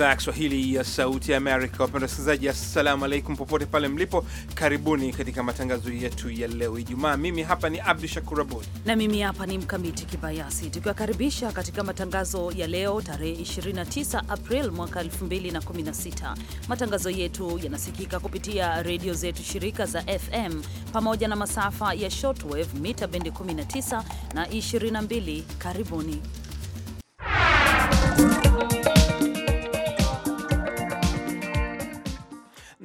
idhaa ya Kiswahili ya Sauti ya Amerika. Wapenda wasikilizaji, assalamu alaikum popote pale mlipo, karibuni katika matangazo yetu ya leo Ijumaa. Mimi hapa ni Abdu Shakur Abud na mimi hapa ni Mkamiti Kibayasi, tukiwakaribisha katika matangazo ya leo tarehe 29 April mwaka 2016. Matangazo yetu yanasikika kupitia redio zetu shirika za FM pamoja na masafa ya shortwave mita bendi 19 na 22. Karibuni.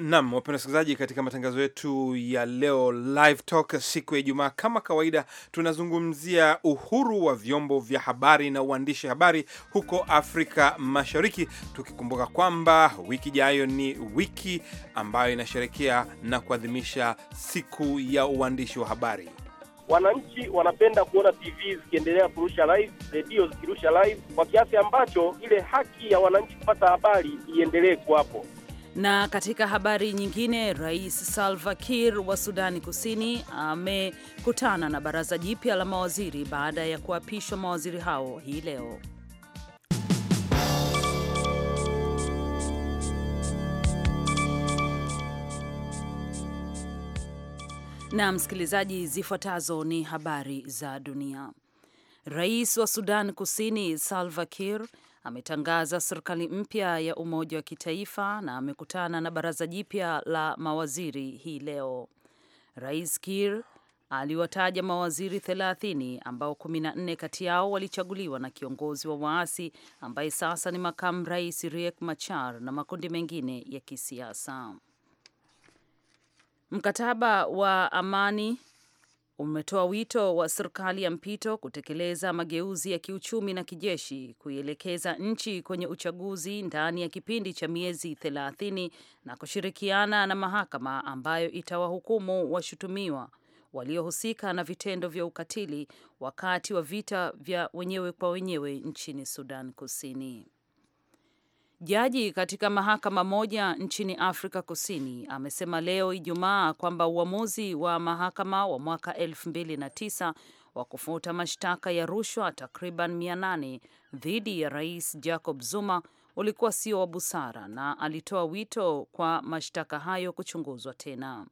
nam wapenda wasikilizaji, katika matangazo yetu ya leo Live Talk siku ya Ijumaa, kama kawaida, tunazungumzia uhuru wa vyombo vya habari na uandishi habari huko Afrika Mashariki, tukikumbuka kwamba wiki ijayo ni wiki ambayo inasherekea na kuadhimisha siku ya uandishi wa habari. Wananchi wanapenda kuona TV zikiendelea kurusha live, redio zikirusha live, kwa kiasi ambacho ile haki ya wananchi kupata habari iendelee kuwapo. Na katika habari nyingine, Rais Salva Kiir wa Sudani Kusini amekutana na baraza jipya la mawaziri baada ya kuapishwa mawaziri hao hii leo. Na msikilizaji, zifuatazo ni habari za dunia. Rais wa Sudan Kusini Salva Kiir ametangaza serikali mpya ya umoja wa kitaifa na amekutana na baraza jipya la mawaziri hii leo. Rais kir aliwataja mawaziri 30 ambao 14 kati yao walichaguliwa na kiongozi wa waasi ambaye sasa ni makamu rais Riek Machar na makundi mengine ya kisiasa. Mkataba wa amani umetoa wito wa serikali ya mpito kutekeleza mageuzi ya kiuchumi na kijeshi kuielekeza nchi kwenye uchaguzi ndani ya kipindi cha miezi 30 na kushirikiana na mahakama ambayo itawahukumu washutumiwa waliohusika na vitendo vya ukatili wakati wa vita vya wenyewe kwa wenyewe nchini Sudan Kusini. Jaji katika mahakama moja nchini Afrika Kusini amesema leo Ijumaa kwamba uamuzi wa mahakama wa mwaka 2009 wa kufuta mashtaka ya rushwa takriban 800 dhidi ya Rais Jacob Zuma ulikuwa sio wa busara na alitoa wito kwa mashtaka hayo kuchunguzwa tena.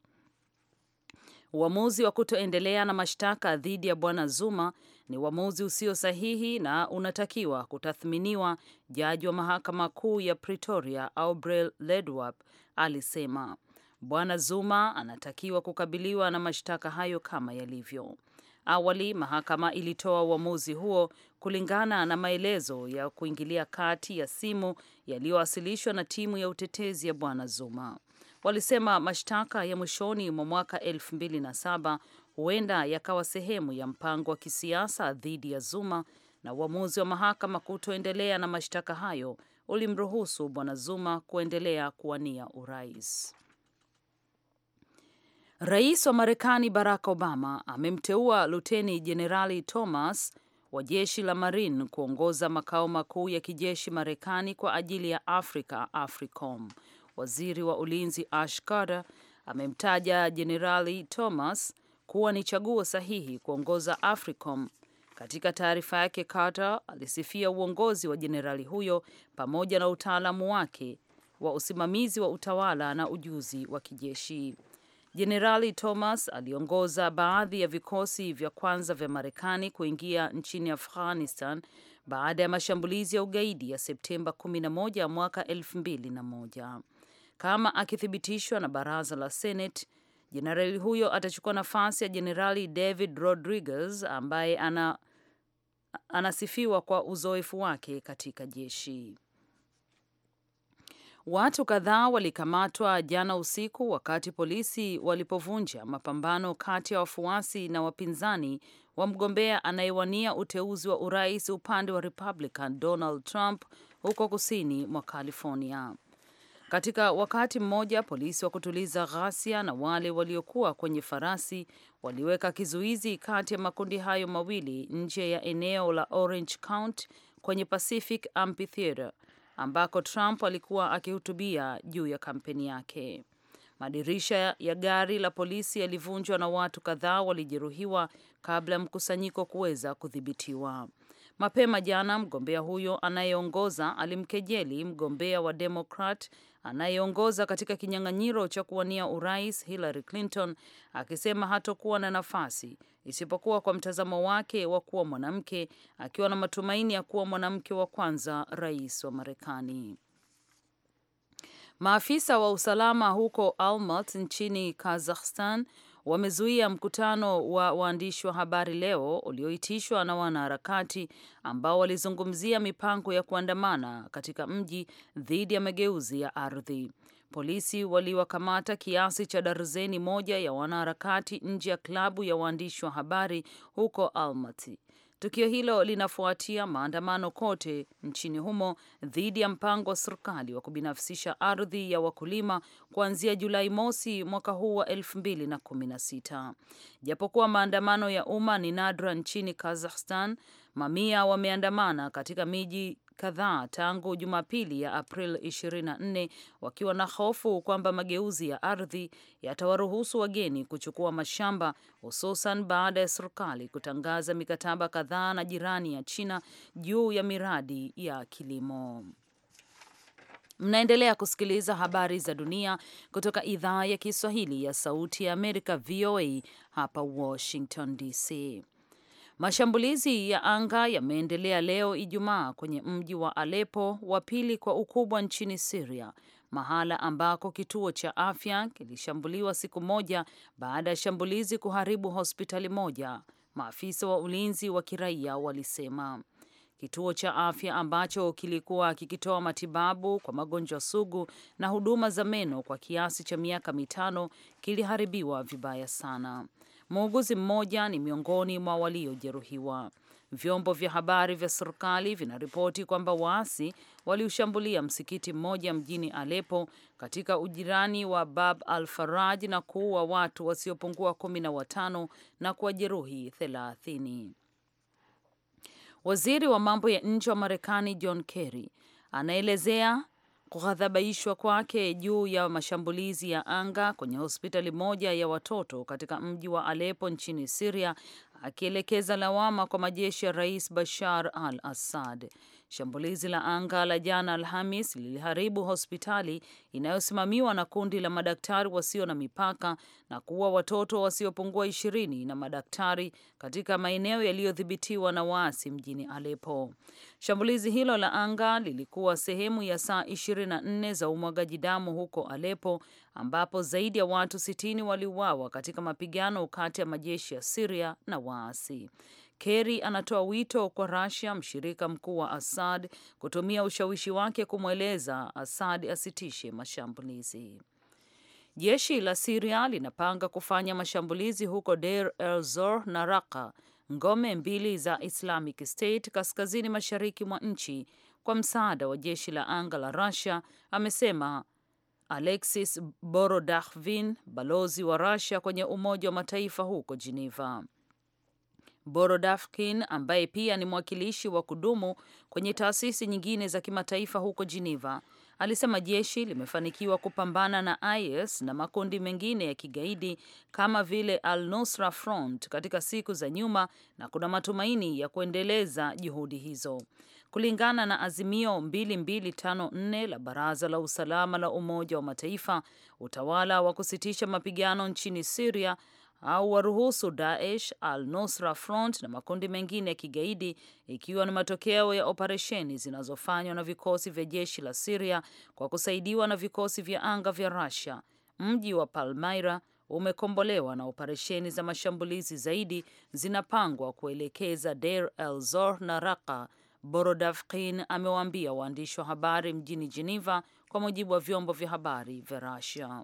Uamuzi wa kutoendelea na mashtaka dhidi ya Bwana Zuma ni uamuzi usio sahihi na unatakiwa kutathminiwa, jaji wa mahakama kuu ya Pretoria Aubrey Ledwap alisema. Bwana Zuma anatakiwa kukabiliwa na mashtaka hayo kama yalivyo. Awali mahakama ilitoa uamuzi huo kulingana na maelezo ya kuingilia kati ya simu yaliyowasilishwa na timu ya utetezi ya Bwana Zuma. Walisema mashtaka ya mwishoni mwa mwaka 2007 huenda yakawa sehemu ya mpango wa kisiasa dhidi ya Zuma, na uamuzi wa mahakama kutoendelea na mashtaka hayo ulimruhusu bwana Zuma kuendelea kuwania urais. Rais wa Marekani Barack Obama amemteua Luteni Jenerali Thomas wa jeshi la Marine kuongoza makao makuu ya kijeshi Marekani kwa ajili ya Afrika, AFRICOM. Waziri wa ulinzi Ash Carter amemtaja Jenerali Thomas kuwa ni chaguo sahihi kuongoza AFRICOM. Katika taarifa yake, Carter alisifia uongozi wa jenerali huyo pamoja na utaalamu wake wa usimamizi wa utawala na ujuzi wa kijeshi. Jenerali Thomas aliongoza baadhi ya vikosi vya kwanza vya Marekani kuingia nchini Afghanistan baada ya mashambulizi ya ugaidi ya Septemba 11 mwaka 2001 kama akithibitishwa na baraza la Senate. Jenerali huyo atachukua nafasi ya Jenerali David Rodriguez ambaye ana, anasifiwa kwa uzoefu wake katika jeshi. Watu kadhaa walikamatwa jana usiku wakati polisi walipovunja mapambano kati ya wafuasi na wapinzani wa mgombea anayewania uteuzi wa urais upande wa Republican Donald Trump huko kusini mwa California. Katika wakati mmoja, polisi wa kutuliza ghasia na wale waliokuwa kwenye farasi waliweka kizuizi kati ya makundi hayo mawili nje ya eneo la Orange County kwenye Pacific Amphitheater ambako Trump alikuwa akihutubia juu ya kampeni yake. Madirisha ya gari la polisi yalivunjwa na watu kadhaa walijeruhiwa kabla ya mkusanyiko kuweza kudhibitiwa. Mapema jana, mgombea huyo anayeongoza alimkejeli mgombea wa demokrat anayeongoza katika kinyang'anyiro cha kuwania urais Hillary Clinton akisema hatokuwa na nafasi isipokuwa kwa mtazamo wake wa kuwa mwanamke, akiwa na matumaini ya kuwa mwanamke wa kwanza rais wa Marekani. Maafisa wa usalama huko Almat nchini Kazakhstan wamezuia mkutano wa waandishi wa habari leo ulioitishwa na wanaharakati ambao walizungumzia mipango ya kuandamana katika mji dhidi ya mageuzi ya ardhi. Polisi waliwakamata kiasi cha darzeni moja ya wanaharakati nje ya klabu ya waandishi wa habari huko Almaty. Tukio hilo linafuatia maandamano kote nchini humo dhidi ya mpango wa serikali wa kubinafsisha ardhi ya wakulima kuanzia Julai mosi mwaka huu wa 2016. Japokuwa maandamano ya umma ni nadra nchini Kazakhstan, mamia wameandamana katika miji kadhaa tangu Jumapili ya April 24 wakiwa na hofu kwamba mageuzi ya ardhi yatawaruhusu wageni kuchukua mashamba, hususan baada ya serikali kutangaza mikataba kadhaa na jirani ya China juu ya miradi ya kilimo. Mnaendelea kusikiliza habari za dunia kutoka idhaa ya Kiswahili ya Sauti ya Amerika, VOA hapa Washington DC. Mashambulizi ya anga yameendelea leo Ijumaa kwenye mji wa Aleppo, wa pili kwa ukubwa nchini Syria, mahala ambako kituo cha afya kilishambuliwa siku moja baada ya shambulizi kuharibu hospitali moja, maafisa wa ulinzi wa kiraia walisema. Kituo cha afya ambacho kilikuwa kikitoa matibabu kwa magonjwa sugu na huduma za meno kwa kiasi cha miaka mitano kiliharibiwa vibaya sana. Muuguzi mmoja ni miongoni mwa waliojeruhiwa. Vyombo vya habari vya serikali vinaripoti kwamba waasi waliushambulia msikiti mmoja mjini Alepo katika ujirani wa Bab al Faraj na kuua watu wasiopungua kumi na watano na kuwajeruhi thelathini. Waziri wa mambo ya nje wa Marekani John Kerry anaelezea kughadhabishwa kwake juu ya mashambulizi ya anga kwenye hospitali moja ya watoto katika mji wa Aleppo nchini Syria, akielekeza lawama kwa majeshi ya Rais Bashar al-Assad. Shambulizi la anga la jana Alhamis liliharibu hospitali inayosimamiwa na kundi la madaktari wasio na mipaka na kuua watoto wasiopungua ishirini na madaktari katika maeneo yaliyodhibitiwa na waasi mjini Alepo. Shambulizi hilo la anga lilikuwa sehemu ya saa 24 za umwagaji damu huko Alepo, ambapo zaidi ya watu 60 waliuawa katika mapigano kati ya majeshi ya Siria na waasi. Kerry anatoa wito kwa Russia, mshirika mkuu wa Assad, kutumia ushawishi wake kumweleza Assad asitishe mashambulizi. Jeshi la Siria linapanga kufanya mashambulizi huko Deir el Zor na Raka, ngome mbili za Islamic State kaskazini mashariki mwa nchi, kwa msaada wa jeshi la anga la Russia, amesema Alexis borodahvin balozi wa Russia kwenye Umoja wa Mataifa huko Geneva. Borodafkin ambaye pia ni mwakilishi wa kudumu kwenye taasisi nyingine za kimataifa huko Geneva alisema jeshi limefanikiwa kupambana na IS na makundi mengine ya kigaidi kama vile Al-Nusra Front katika siku za nyuma na kuna matumaini ya kuendeleza juhudi hizo. Kulingana na azimio 2254 la Baraza la Usalama la Umoja wa Mataifa, utawala wa kusitisha mapigano nchini Syria au waruhusu Daesh, al-Nusra Front na makundi mengine ya kigaidi, ikiwa ni matokeo ya operesheni zinazofanywa na vikosi vya jeshi la Syria kwa kusaidiwa na vikosi vya anga vya Russia. Mji wa Palmyra umekombolewa na operesheni za mashambulizi zaidi zinapangwa kuelekeza Deir el-Zor na Raqqa. Borodavkin amewaambia waandishi wa habari mjini Geneva, kwa mujibu wa vyombo vya habari vya Russia.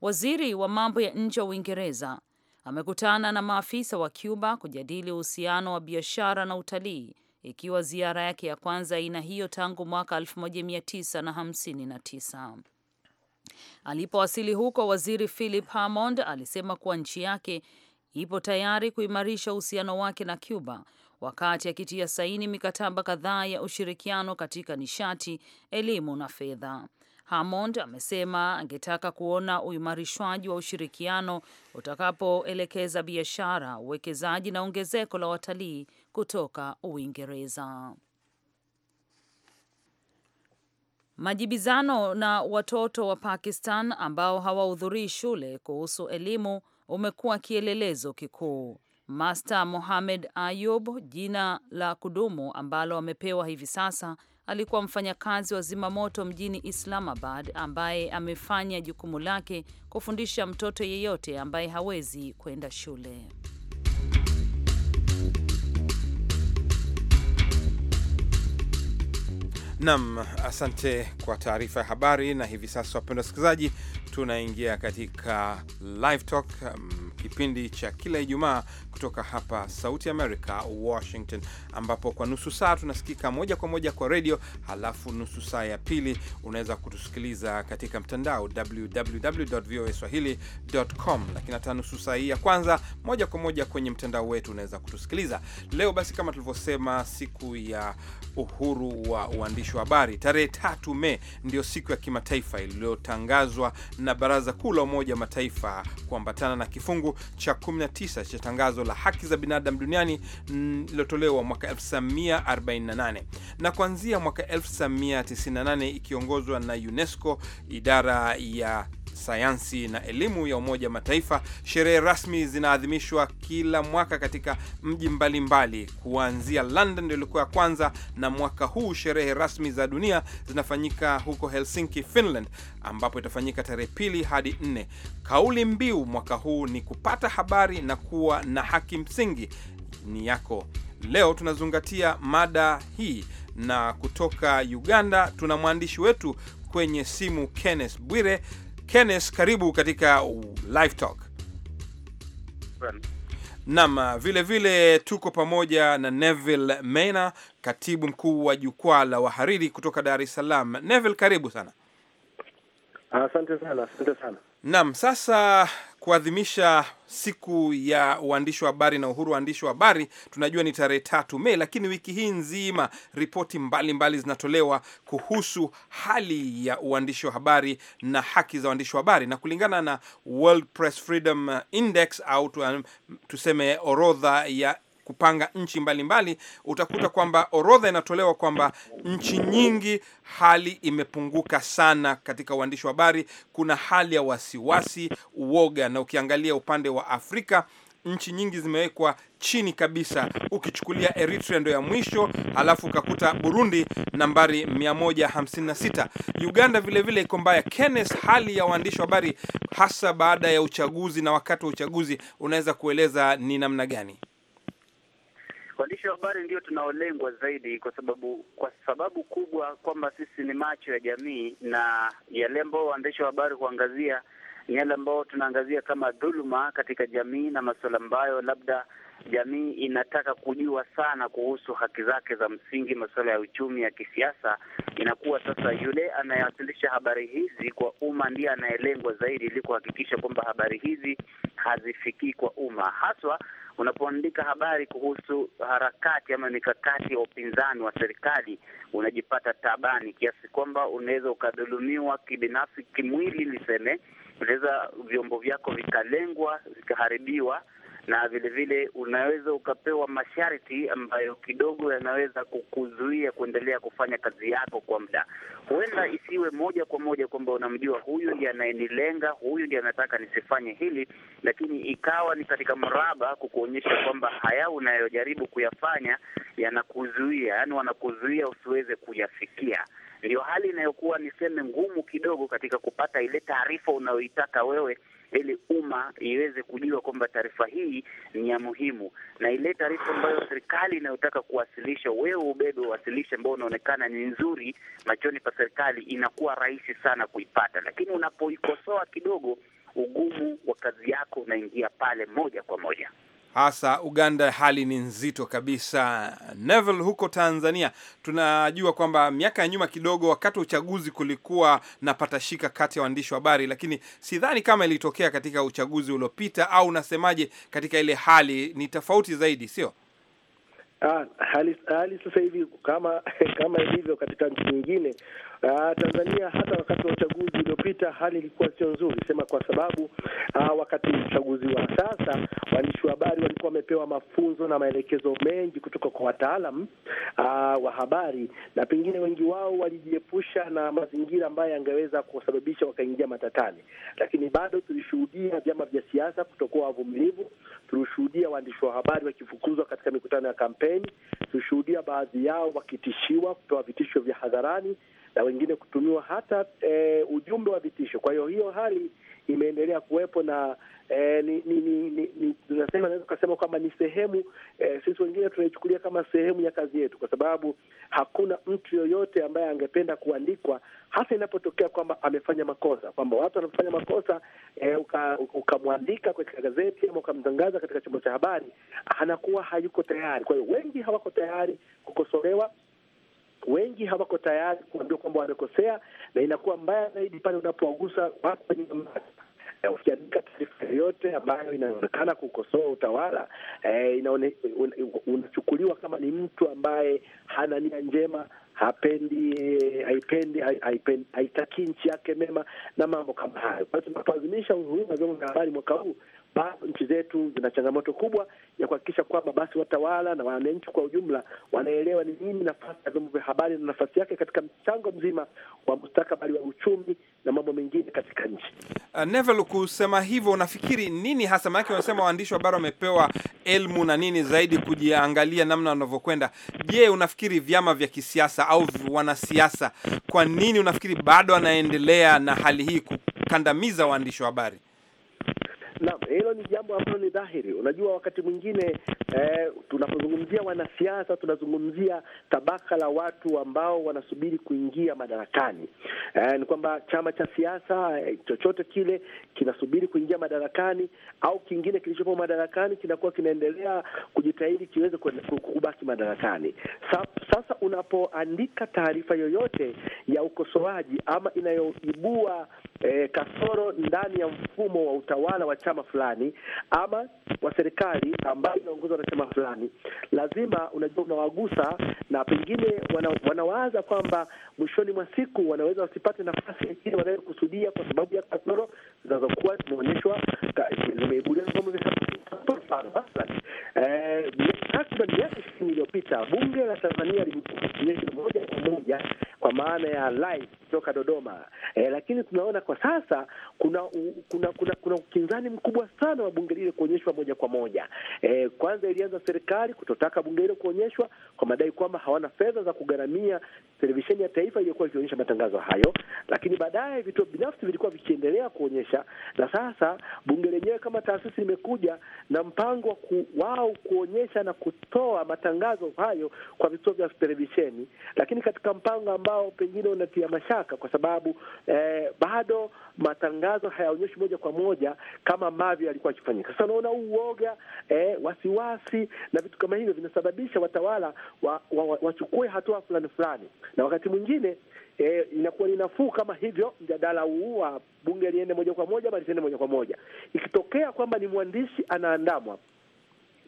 Waziri wa mambo ya nje wa Uingereza amekutana na maafisa wa Cuba kujadili uhusiano wa biashara na utalii, ikiwa ziara yake ya kwanza aina hiyo tangu mwaka 1959. Alipowasili huko, waziri Philip Hammond alisema kuwa nchi yake ipo tayari kuimarisha uhusiano wake na Cuba wakati akitia saini mikataba kadhaa ya ushirikiano katika nishati, elimu na fedha. Hammond amesema angetaka kuona uimarishwaji wa ushirikiano utakapoelekeza biashara, uwekezaji na ongezeko la watalii kutoka Uingereza. Majibizano na watoto wa Pakistan ambao hawahudhurii shule kuhusu elimu umekuwa kielelezo kikuu. Master Mohamed Ayub, jina la kudumu ambalo amepewa hivi sasa alikuwa mfanyakazi wa zimamoto mjini Islamabad ambaye amefanya jukumu lake kufundisha mtoto yeyote ambaye hawezi kwenda shule. Nam, asante kwa taarifa ya habari. Na hivi sasa, wapendwa wasikilizaji, tunaingia katika live talk, um, kipindi cha kila Ijumaa kutoka hapa Sauti America, Washington, ambapo kwa nusu saa tunasikika moja kwa moja kwa redio, halafu nusu saa ya pili unaweza kutusikiliza katika mtandao www voa swahili.com. Lakini hata nusu saa hii ya kwanza moja kwa moja kwenye mtandao wetu unaweza kutusikiliza leo. Basi kama tulivyosema, siku ya uhuru wa uandishi wa habari tarehe tatu Mei ndio siku ya kimataifa iliyotangazwa na Baraza Kuu la Umoja wa Mataifa kuambatana na kifungu cha 19 cha tangazo la haki za binadamu duniani mm, lilotolewa mwaka 1948 na kuanzia mwaka 1998 ikiongozwa na UNESCO, idara ya sayansi na elimu ya Umoja Mataifa. Sherehe rasmi zinaadhimishwa kila mwaka katika mji mbalimbali, kuanzia London ndio ilikuwa ya kwanza, na mwaka huu sherehe rasmi za dunia zinafanyika huko Helsinki, Finland, ambapo itafanyika tarehe pili hadi nne. Kauli mbiu mwaka huu ni kupata habari na kuwa na haki msingi ni yako. Leo tunazungatia mada hii, na kutoka Uganda tuna mwandishi wetu kwenye simu Kenneth Bwire Kenneth, karibu katika Live Talk. Naam, vile vile tuko pamoja na Neville Mena, katibu mkuu wa jukwaa la wahariri kutoka Dar es Salaam. Neville, karibu sana. Asante sana, asante sana. Naam, sasa kuadhimisha siku ya uandishi wa habari na uhuru wa waandishi wa habari. Tunajua ni tarehe tatu Mei, lakini wiki hii nzima ripoti mbalimbali zinatolewa kuhusu hali ya uandishi wa habari na haki za uandishi wa habari, na kulingana na World Press Freedom Index au um, tuseme orodha ya kupanga nchi mbalimbali mbali, utakuta kwamba orodha inatolewa kwamba nchi nyingi hali imepunguka sana katika uandishi wa habari. Kuna hali ya wasiwasi, uoga, na ukiangalia upande wa Afrika nchi nyingi zimewekwa chini kabisa. Ukichukulia Eritrea ndio ya mwisho, alafu ukakuta Burundi nambari 156. Uganda vilevile iko mbaya. Kenneth, hali ya waandishi wa habari hasa baada ya uchaguzi na wakati wa uchaguzi, unaweza kueleza ni namna gani? Waandishi wa habari ndio tunaolengwa zaidi, kwa sababu kwa sababu kubwa kwamba sisi ni macho ya jamii, na yale ambao waandishi wa habari kuangazia ni yale ambao tunaangazia kama dhuluma katika jamii na masuala ambayo labda jamii inataka kujua sana kuhusu haki zake za msingi, masuala ya uchumi, ya kisiasa. Inakuwa sasa yule anayewasilisha habari hizi kwa umma ndiye anayelengwa zaidi, ili kuhakikisha kwamba habari hizi hazifikii kwa umma haswa unapoandika habari kuhusu harakati ama mikakati ya upinzani wa serikali unajipata tabani kiasi kwamba unaweza ukadhulumiwa kibinafsi, kimwili niseme, unaweza vyombo vyako vikalengwa, vikaharibiwa na vilevile unaweza ukapewa masharti ambayo kidogo yanaweza kukuzuia kuendelea kufanya kazi yako kwa muda. Huenda isiwe moja kwa moja kwamba unamjua huyu ndiye anayenilenga, huyu ndiye anataka nisifanye hili, lakini ikawa ni katika mraba kukuonyesha kwamba haya unayojaribu kuyafanya yanakuzuia, yaani wanakuzuia usiweze kuyafikia ndio hali inayokuwa niseme ngumu kidogo katika kupata ile taarifa unayoitaka wewe, ili umma iweze kujua kwamba taarifa hii ni ya muhimu, na ile taarifa ambayo serikali inayotaka kuwasilisha, wewe ubebe uwasilishe, ambao unaonekana ni nzuri machoni pa serikali, inakuwa rahisi sana kuipata, lakini unapoikosoa kidogo, ugumu wa kazi yako unaingia pale moja kwa moja hasa Uganda hali ni nzito kabisa. Neville, huko Tanzania tunajua kwamba miaka ya nyuma kidogo, wakati wa uchaguzi kulikuwa na patashika kati ya waandishi wa habari, lakini sidhani kama ilitokea katika uchaguzi uliopita, au unasemaje? Katika ile hali ni tofauti zaidi, sio? Ah, hali, hali sasa hivi kama kama ilivyo katika nchi nyingine, Uh, Tanzania hata wakati wa uchaguzi uliopita hali ilikuwa sio nzuri, sema kwa sababu uh, wakati uchaguzi wa sasa waandishi wa habari walikuwa wamepewa mafunzo na maelekezo mengi kutoka kwa wataalam uh, wa habari, na pengine wengi wao walijiepusha na mazingira ambayo yangeweza kusababisha wakaingia matatani, lakini bado tulishuhudia vyama vya siasa kutokuwa wavumilivu. Tulishuhudia waandishi wa habari wakifukuzwa katika mikutano ya kampeni. Tulishuhudia baadhi yao wakitishiwa, kupewa vitisho vya hadharani na wengine kutumiwa hata e, ujumbe wa vitisho. Kwa hiyo hiyo hali imeendelea kuwepo na e, ni, ni, ni, ni, ni, tunasema naweza ukasema kwamba ni sehemu e, sisi wengine tunaichukulia kama sehemu ya kazi yetu, kwa sababu hakuna mtu yoyote ambaye angependa kuandikwa, hasa inapotokea kwamba amefanya makosa, kwamba watu wanapofanya makosa e, ukamwandika uka katika gazeti ama ukamtangaza katika chombo cha habari, anakuwa hayuko tayari. Kwa hiyo wengi hawako tayari kukosolewa wengi hawako tayari kuambia kwamba wamekosea, na inakuwa mbaya zaidi pale unapowagusa watu wenye mamlaka. Eh, Ukiandika taarifa yoyote ambayo inaonekana kukosoa utawala eh, inaone, un, unachukuliwa kama ni mtu ambaye hana nia njema, hapendi, haipendi, haitakii nchi yake mema na mambo kama hayo. Kwa hiyo tunapoadhimisha uhuru wa vyombo vya habari mwaka huu, bado nchi zetu zina changamoto kubwa ya kuhakikisha kwamba basi watawala na wananchi kwa ujumla wanaelewa ni nini nafasi ya vyombo vya habari na nafasi yake katika mchango mzima wa mustakabali wa uchumi na mambo mengine katika nchi. Uh, Neville, kusema hivyo, unafikiri nini hasa? Maanake wanasema waandishi wa habari wamepewa elimu na nini zaidi kujiangalia namna wanavyokwenda. Je, unafikiri vyama vya kisiasa au wanasiasa, kwa nini unafikiri bado wanaendelea na hali hii kukandamiza waandishi wa habari? Naam, hilo ni jambo ambalo ni dhahiri. Unajua, wakati mwingine eh, tunapozungumzia wanasiasa tunazungumzia tabaka la watu ambao wanasubiri kuingia madarakani. Eh, ni kwamba chama cha siasa eh, chochote kile kinasubiri kuingia madarakani au kingine kilichopo madarakani kinakuwa kinaendelea kujitahidi kiweze kubaki madarakani. sasa unapoandika taarifa yoyote ya ukosoaji ama inayoibua e, kasoro ndani ya mfumo wa utawala wa chama fulani ama wa serikali ambayo inaongozwa na chama fulani, lazima unajua, unawagusa na pengine wana, wanawaza kwamba mwishoni mwa siku wanaweza wasipate nafasi nyingine wanayokusudia kwa sababu ya kasoro zinazokuwa zimeonyeshwa zimeibuliwa e, takriban miaka ishirini iliyopita bunge la Tanzania limoja moja kwa moja kwa maana ya live kutoka Dodoma, e, lakini tunaona kwa sasa kuna kuna kuna kuna ukinzani mkubwa sana wa bunge lile kuonyeshwa moja kwa moja. E, kwanza ilianza serikali kutotaka bunge hilo kuonyeshwa kwa madai kwamba hawana fedha za kugharamia televisheni ya taifa iliyokuwa ikionyesha matangazo hayo, lakini baadaye vituo binafsi vilikuwa vikiendelea kuonyesha, na sasa bunge lenyewe kama taasisi limekuja na mpango wa ku, wao kuonyesha na kutoa matangazo hayo kwa vituo vya televisheni, lakini katika mpango ambao pengine unatia mashaka kwa sababu eh, bado hiyo matangazo hayaonyeshi moja kwa moja kama ambavyo yalikuwa yakifanyika. Sasa unaona uoga, eh, wasiwasi na vitu kama hivyo vinasababisha watawala wa, wa, wa, wachukue hatua fulani fulani, na wakati mwingine eh, inakuwa ni nafuu kama hivyo mjadala huu wa bunge liende moja kwa moja, bali liende moja kwa moja. Ikitokea kwamba ni mwandishi anaandamwa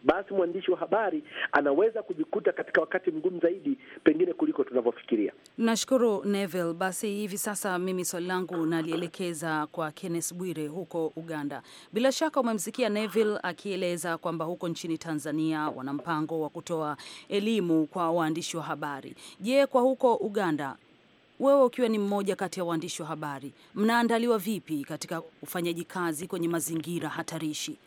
basi mwandishi wa habari anaweza kujikuta katika wakati mgumu zaidi pengine kuliko tunavyofikiria. Nashukuru Neville. Basi hivi sasa mimi swali langu nalielekeza kwa Kenneth Bwire huko Uganda. Bila shaka umemsikia Neville akieleza kwamba huko nchini Tanzania wana mpango wa kutoa elimu kwa waandishi wa habari. Je, kwa huko Uganda wewe ukiwa ni mmoja kati ya waandishi wa habari, mnaandaliwa vipi katika ufanyaji kazi kwenye mazingira hatarishi?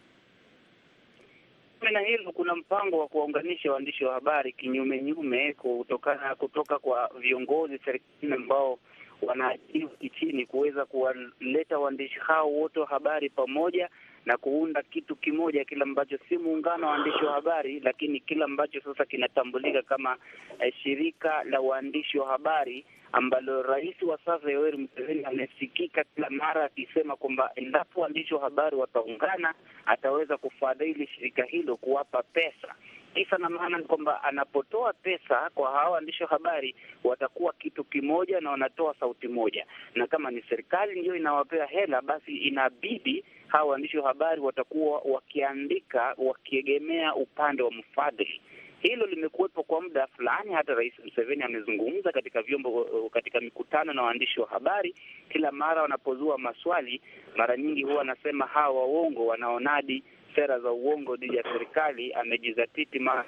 na hilo, kuna mpango wa kuwaunganisha waandishi wa habari kinyume nyume, kutokana kutoka kwa viongozi serikalini ambao wanaajiriwa kichini, kuweza kuwaleta waandishi hao wote wa habari pamoja na kuunda kitu kimoja, kile ambacho si muungano wa waandishi wa habari, lakini kile ambacho sasa kinatambulika kama eh, shirika la waandishi wa habari ambalo rais wa sasa Yoweri Museveni amesikika kila mara akisema kwamba endapo waandishi wa habari wataungana, ataweza kufadhili shirika hilo kuwapa pesa. Kisa na maana ni kwamba anapotoa pesa kwa hawa waandishi wa habari watakuwa kitu kimoja na wanatoa sauti moja, na kama ni serikali ndiyo inawapea hela, basi inabidi hawa waandishi wa habari watakuwa wakiandika wakiegemea upande wa mfadhili. Hilo limekuwepo kwa muda fulani. Hata Rais Museveni amezungumza katika vyombo, katika mikutano na waandishi wa habari. Kila mara wanapozua maswali, mara nyingi huwa anasema hawa waongo wanaonadi sera za uongo dhidi ya serikali, amejizatiti mara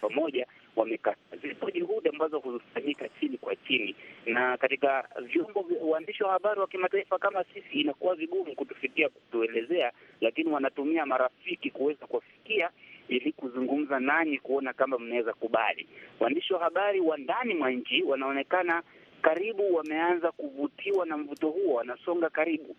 pamoja wamekata. Zipo juhudi ambazo huzifanyika chini kwa chini, na katika vyombo waandishi wa habari wa kimataifa kama sisi inakuwa vigumu kutufikia kutuelezea, lakini wanatumia marafiki kuweza kuwafikia ili kuzungumza nanyi kuona kama mnaweza kubali. Waandishi wa habari wa ndani mwa nchi wanaonekana karibu wameanza kuvutiwa na mvuto huo, wanasonga karibu.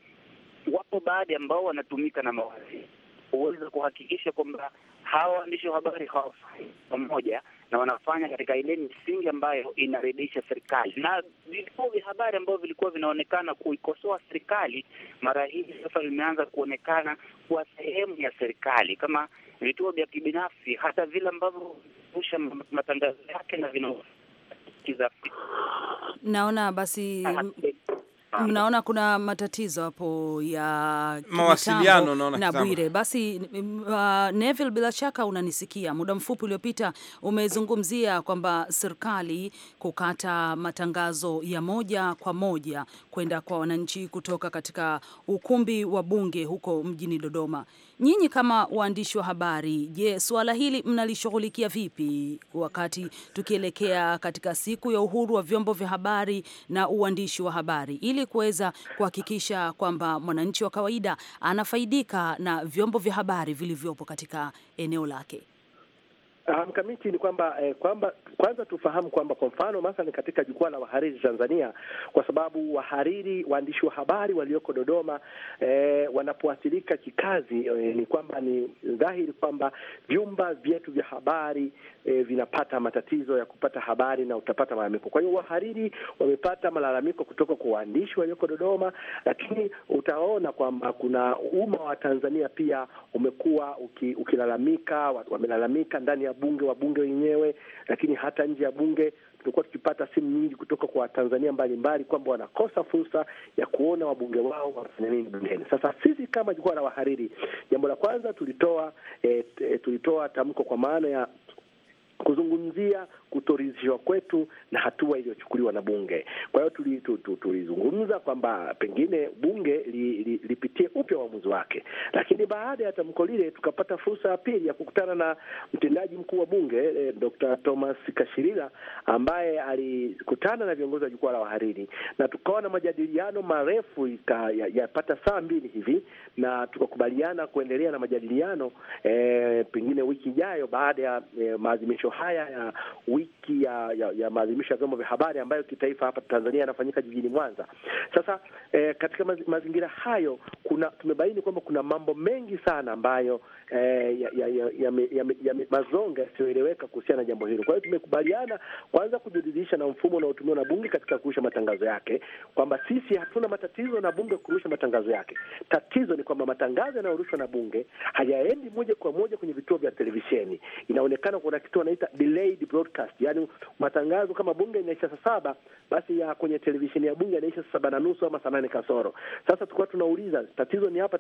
Wapo baadhi ambao wanatumika na mawaziri huweza kuhakikisha kwamba hawa waandishi wa habari hawafai pamoja na wanafanya katika ile misingi ambayo inaridhisha serikali. Na vituo vya habari ambavyo vilikuwa vinaonekana kuikosoa serikali, mara hii sasa vimeanza kuonekana kuwa sehemu ya serikali, kama vituo vya kibinafsi, hata vile ambavyo husha matangazo yake na vinaiza. Naona basi ah, eh, ah. Mnaona kuna matatizo hapo ya mawasiliano naona na Bwire. Basi uh, Neville, bila shaka unanisikia. Muda mfupi uliopita umezungumzia kwamba serikali kukata matangazo ya moja kwa moja kwenda kwa wananchi kutoka katika ukumbi wa bunge huko mjini Dodoma. Nyinyi kama waandishi wa habari, je, suala hili mnalishughulikia vipi wakati tukielekea katika siku ya uhuru wa vyombo vya habari na uandishi wa habari ili kuweza kuhakikisha kwamba mwananchi wa kawaida anafaidika na vyombo vya habari vilivyopo katika eneo lake? hamkamiti ah, ni kwamba eh, kwamba kwanza tufahamu kwamba kwa mfano mathalan katika jukwaa la wahariri Tanzania, kwa sababu wahariri, waandishi wa habari walioko Dodoma eh, wanapoathirika kikazi eh, ni kwamba ni dhahiri kwamba vyumba vyetu vya habari eh, vinapata matatizo ya kupata habari na utapata malalamiko. Kwa hiyo wahariri wamepata malalamiko kutoka kwa waandishi walioko Dodoma, lakini utaona kwamba kuna umma wa Tanzania pia umekuwa ukilalamika, wamelalamika ndani ya wabunge wa bunge wenyewe, lakini hata nje ya bunge tumekuwa tukipata simu nyingi kutoka kwa Watanzania mbalimbali kwamba wanakosa fursa ya kuona wabunge wao wanafanya nini bungeni. Sasa sisi kama jukwaa la wahariri, jambo la kwanza tulitoa eh, eh tulitoa tamko kwa maana ya kuzungumzia kutoridhishwa kwetu na hatua iliyochukuliwa na bunge. Kwa hiyo tulizungumza kwamba pengine bunge li, li, lipitie upya uamuzi wake, lakini baada ya tamko lile tukapata fursa ya pili ya kukutana na mtendaji mkuu wa bunge eh, Dr. Thomas Kashirila ambaye alikutana na viongozi wa jukwaa la wahariri na tukawa na majadiliano marefu yapata ya saa mbili hivi na tukakubaliana kuendelea na majadiliano eh, pengine wiki ijayo baada ya eh, maadhimisho haya ya wiki ya, ya, ya maadhimisho ya vyombo vya habari ambayo kitaifa hapa Tanzania yanafanyika jijini Mwanza. Sasa eh, katika mazingira hayo kuna tumebaini kwamba kuna mambo mengi sana ambayo eh, ya, ya, ya, ya, ya, ya mazonga yasiyoeleweka kuhusiana na jambo hilo. Kwa hiyo tumekubaliana kwanza kujadilisha na mfumo unaotumiwa na bunge katika kurusha matangazo yake kwamba sisi hatuna matatizo na bunge kurusha matangazo yake. Tatizo ni kwamba matangazo yanayorushwa na bunge hayaendi moja kwa moja kwenye vituo vya televisheni. Inaonekana kuna kitu wanaita delayed broadcast broadcast, yani matangazo kama bunge inaisha saa saba, basi ya kwenye televisheni ya bunge inaisha saa saba na nusu ama saa nane kasoro. Sasa tulikuwa tunauliza tatizo ni hapa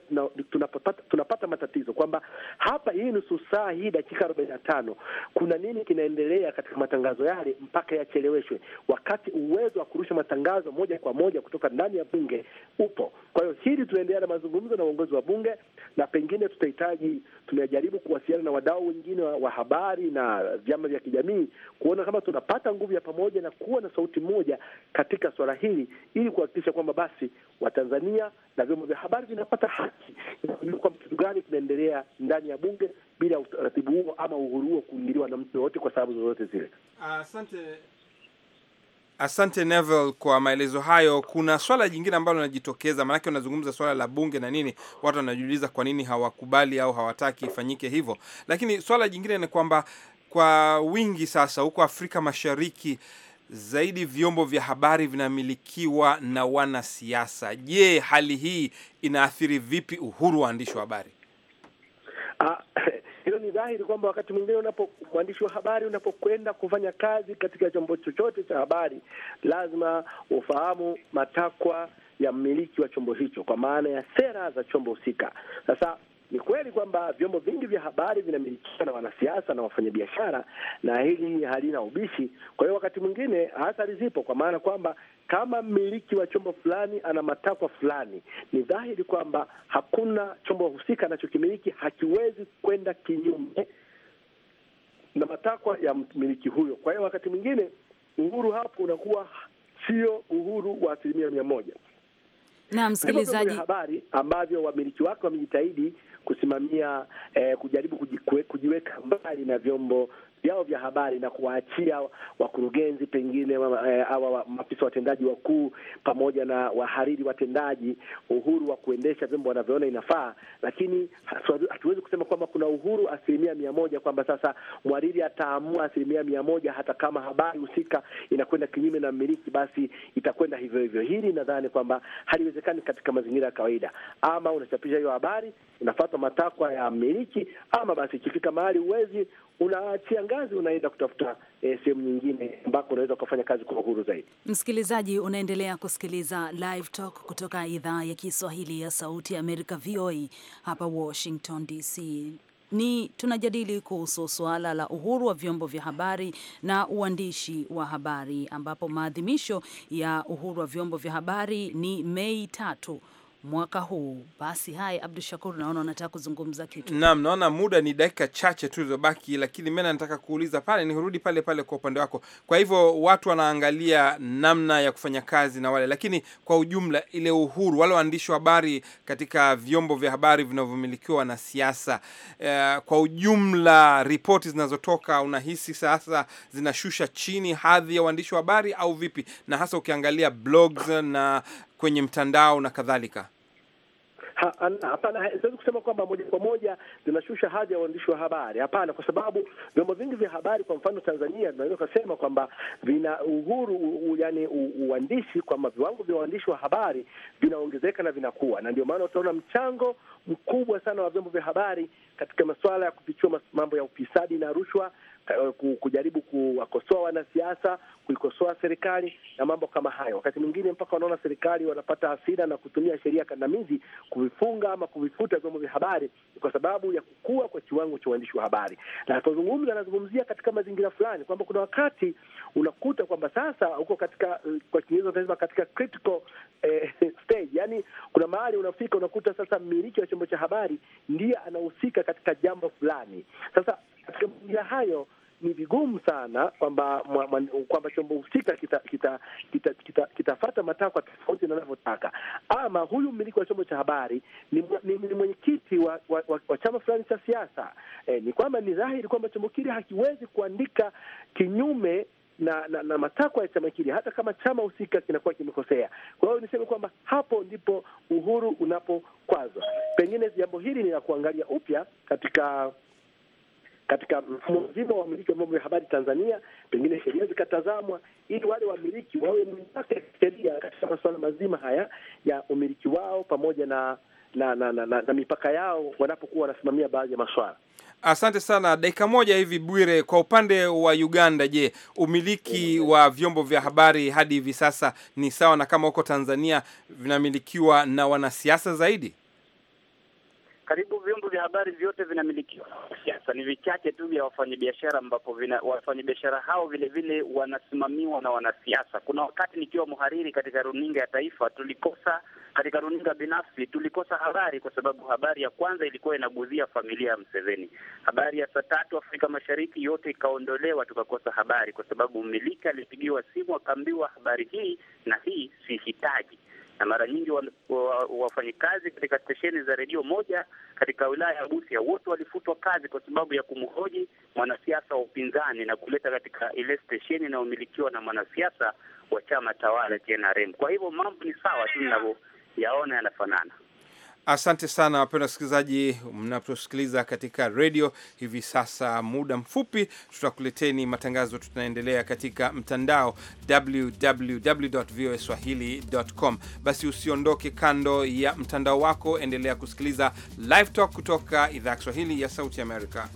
tunapata, tunapata, matatizo kwamba hapa hii nusu saa hii dakika arobaini na tano kuna nini kinaendelea katika matangazo yale mpaka yacheleweshwe, wakati uwezo wa kurusha matangazo moja kwa moja kutoka ndani ya bunge upo. Kwa hiyo hili tunaendelea na mazungumzo na uongozi wa bunge na pengine tutahitaji, tunajaribu kuwasiliana na wadau wengine wa habari na vyama vya kijamii kuona kama tunapata nguvu ya pamoja na kuwa na sauti moja katika swala hili, ili kuhakikisha kwamba basi Watanzania na vyombo vya habari vinapata haki kwamba kitu gani kinaendelea ndani ya bunge bila utaratibu huo ama uhuru huo kuingiliwa na mtu yoyote kwa sababu zozote zile. Asante. Asante Neville kwa maelezo hayo. Kuna swala jingine ambalo linajitokeza, maanake unazungumza swala la bunge na nini, watu wanajiuliza kwa nini hawakubali au hawataki ifanyike hivyo, lakini swala jingine ni kwamba kwa wingi sasa huko Afrika Mashariki zaidi vyombo vya habari vinamilikiwa na wanasiasa. Je, hali hii inaathiri vipi uhuru wa waandishi wa habari? Ah, hilo ni dhahiri kwamba wakati mwingine unapo mwandishi wa habari unapokwenda kufanya kazi katika chombo chochote cha habari, lazima ufahamu matakwa ya mmiliki wa chombo hicho, kwa maana ya sera za chombo husika. Sasa ni kweli kwamba vyombo vingi vya habari vinamilikiwa na wanasiasa na wafanyabiashara, na hili halina ubishi. Kwa hiyo wakati mwingine athari zipo, kwa maana kwamba kama mmiliki wa chombo fulani ana matakwa fulani, ni dhahiri kwamba hakuna chombo husika anachokimiliki hakiwezi kwenda kinyume na matakwa ya mmiliki huyo. Kwa hiyo wakati mwingine uhuru hapo unakuwa sio uhuru wa asilimia mia moja. Na msikilizaji, habari ambavyo wamiliki wake wamejitahidi kusimamia eh, kujaribu kujiweka mbali na vyombo vyao vya habari na kuwaachia wakurugenzi pengine eh, hawa maafisa watendaji wakuu pamoja na wahariri watendaji uhuru wa kuendesha vyombo wanavyoona inafaa, lakini hatuwezi kusema kwamba kuna uhuru asilimia mia moja kwamba sasa mhariri ataamua asilimia mia moja hata kama habari husika inakwenda kinyume na mmiliki, basi itakwenda hivyo hivyo. Hili nadhani kwamba haliwezekani katika mazingira ya kawaida. Ama unachapisha hiyo habari, unafuata matakwa ya mmiliki, ama basi ikifika mahali huwezi unaachia ngazi, unaenda kutafuta e, sehemu nyingine ambako unaweza ukafanya kazi kwa uhuru zaidi. Msikilizaji, unaendelea kusikiliza Live Talk kutoka idhaa ya Kiswahili ya Sauti ya Amerika, VOA hapa Washington DC ni tunajadili kuhusu suala la uhuru wa vyombo vya habari na uandishi wa habari ambapo maadhimisho ya uhuru wa vyombo vya habari ni Mei tatu mwaka huu. Basi haya, Abdu Shakur, naona unataka kuzungumza kitu. Naam, naona muda ni dakika chache tu zilizobaki, lakini mimi nataka kuuliza pale, nirudi pale pale kwa upande wako. Kwa hivyo watu wanaangalia namna ya kufanya kazi na wale, lakini kwa ujumla ile uhuru, wale waandishi wa habari katika vyombo vya habari vinavyomilikiwa na siasa, eh, kwa ujumla ripoti zinazotoka, unahisi sasa zinashusha chini hadhi ya waandishi wa habari au vipi? Na hasa ukiangalia blogs na kwenye mtandao na kadhalika? Hapana, ha, siwezi kusema kwamba moja kwa moja zinashusha hadhi ya waandishi wa habari. Hapana, kwa sababu vyombo vingi vya habari, kwa mfano Tanzania, vinaweza ukasema kwamba vina uhuru u, yani uandishi, kwamba viwango vya waandishi wa habari vinaongezeka na vinakuwa, na ndio maana utaona mchango mkubwa sana wa vyombo vya habari katika masuala ya kupichua mambo ya ufisadi na rushwa Eh, kujaribu kuwakosoa wanasiasa, kuikosoa serikali na mambo kama hayo. Wakati mwingine mpaka wanaona serikali wanapata hasira na kutumia sheria kandamizi kuvifunga ama kuvifuta vyombo vya habari, kwa sababu ya kukua kwa kiwango cha uandishi wa habari. Na anapozungumza anazungumzia katika mazingira fulani, kwamba kuna wakati unakuta kwamba sasa uko katika, eh, kwa Kiingereza katika critical eh, stage, yani kuna mahali unafika unakuta sasa mmiliki wa chombo cha habari ndiye anahusika katika jambo fulani. Sasa katika mazingira hayo ni vigumu sana kwamba kwamba chombo husika kitafata kita, kita, kita, kita matakwa tofauti nanavyotaka, ama huyu mmiliki wa chombo cha habari ni, ni, ni mwenyekiti wa, wa, wa, wa chama fulani cha siasa eh, ni kwamba ni dhahiri kwamba chombo kile hakiwezi kuandika kinyume na, na, na matakwa ya chama kile, hata kama chama husika kinakuwa kimekosea. Kwa hiyo niseme kwamba hapo ndipo uhuru unapokwazwa. Pengine jambo hili ni la kuangalia upya katika katika mfumo mzima wa wamiliki wa vyombo vya habari Tanzania, pengine sheria zikatazamwa ili wale wamiliki wawe mwake sheria katika masuala mazima haya ya umiliki wao pamoja na na, na, na, na, na mipaka yao wanapokuwa wanasimamia baadhi ya maswala. Asante sana. Dakika moja hivi, Bwire, kwa upande wa Uganda, je, umiliki wa vyombo vya habari hadi hivi sasa ni sawa na kama huko Tanzania vinamilikiwa na wanasiasa zaidi? Karibu vyombo vya habari vyote vinamilikiwa siasa. Ni vichache tu vya wafanyabiashara, ambapo wafanyabiashara hao vilevile wanasimamiwa na wanasiasa. Kuna wakati nikiwa mhariri katika runinga ya taifa, tulikosa katika runinga binafsi, tulikosa habari kwa sababu habari ya kwanza ilikuwa inaguzia familia ya Mseveni. Habari ya saa tatu Afrika Mashariki yote ikaondolewa, tukakosa habari kwa sababu mmiliki alipigiwa simu akaambiwa habari hii na hii sihitaji na mara nyingi wafanyikazi katika stesheni za redio moja katika wilaya ya Busia wote walifutwa kazi kwa sababu ya kumhoji mwanasiasa wa upinzani na kuleta katika ile stesheni inayomilikiwa na mwanasiasa wa chama tawala NRM. Kwa hivyo mambo ni sawa tu ninavyoyaona yanafanana. Asante sana wapendwa wasikilizaji, mnaposikiliza katika redio hivi sasa. Muda mfupi tutakuleteni matangazo, tunaendelea katika mtandao www voa swahilicom Basi usiondoke kando ya mtandao wako, endelea kusikiliza Live Talk kutoka idhaa ya Kiswahili ya Sauti Amerika.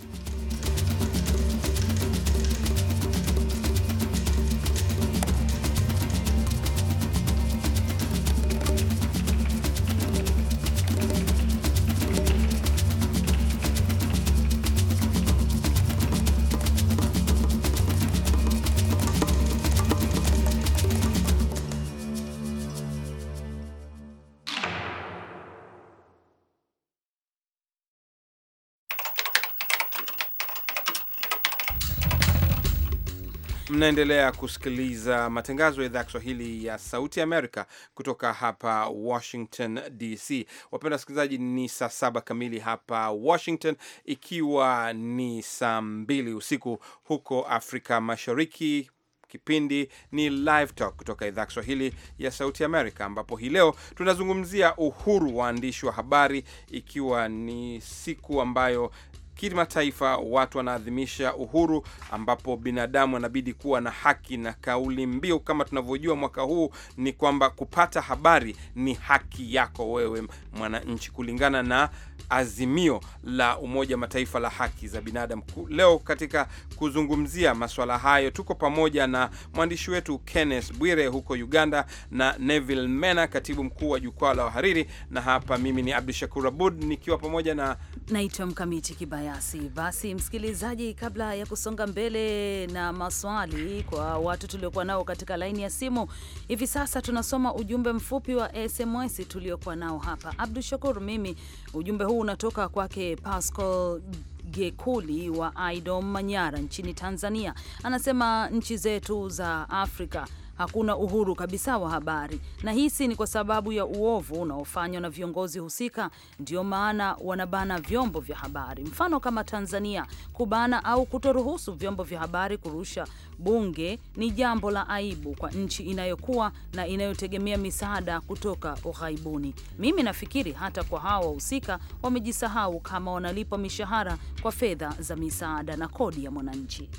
Mnaendelea kusikiliza matangazo ya idhaa ya Kiswahili ya Sauti Amerika kutoka hapa Washington DC. Wapenda wasikilizaji, ni saa saba kamili hapa Washington, ikiwa ni saa mbili usiku huko Afrika Mashariki. Kipindi ni Live Talk kutoka idhaa Kiswahili ya Sauti Amerika, ambapo hii leo tunazungumzia uhuru waandishi wa habari, ikiwa ni siku ambayo kimataifa watu wanaadhimisha uhuru, ambapo binadamu anabidi kuwa na haki, na kauli mbiu kama tunavyojua mwaka huu ni kwamba kupata habari ni haki yako wewe mwananchi, kulingana na azimio la Umoja Mataifa la haki za binadamu. Leo katika kuzungumzia masuala hayo, tuko pamoja na mwandishi wetu Kenneth Bwire huko Uganda na Neville Mena, katibu mkuu wa jukwaa la wahariri, na hapa mimi ni Abdu Shakur Abud nikiwa pamoja na naitwa Mkamiti Kibayasi. Basi msikilizaji, kabla ya kusonga mbele na maswali kwa watu tuliokuwa nao katika laini ya simu, hivi sasa tunasoma ujumbe mfupi wa SMS tuliokuwa nao hapa. Abdu Shakur, mimi ujumbe huu huu unatoka kwake Pascal Gekuli wa Idom Manyara nchini Tanzania, anasema nchi zetu za Afrika hakuna uhuru kabisa wa habari, na hisi ni kwa sababu ya uovu unaofanywa na viongozi husika, ndio maana wanabana vyombo vya habari. Mfano kama Tanzania, kubana au kutoruhusu vyombo vya habari kurusha bunge ni jambo la aibu kwa nchi inayokuwa na inayotegemea misaada kutoka ughaibuni. Mimi nafikiri hata kwa hawa wahusika wamejisahau kama wanalipwa mishahara kwa fedha za misaada na kodi ya mwananchi.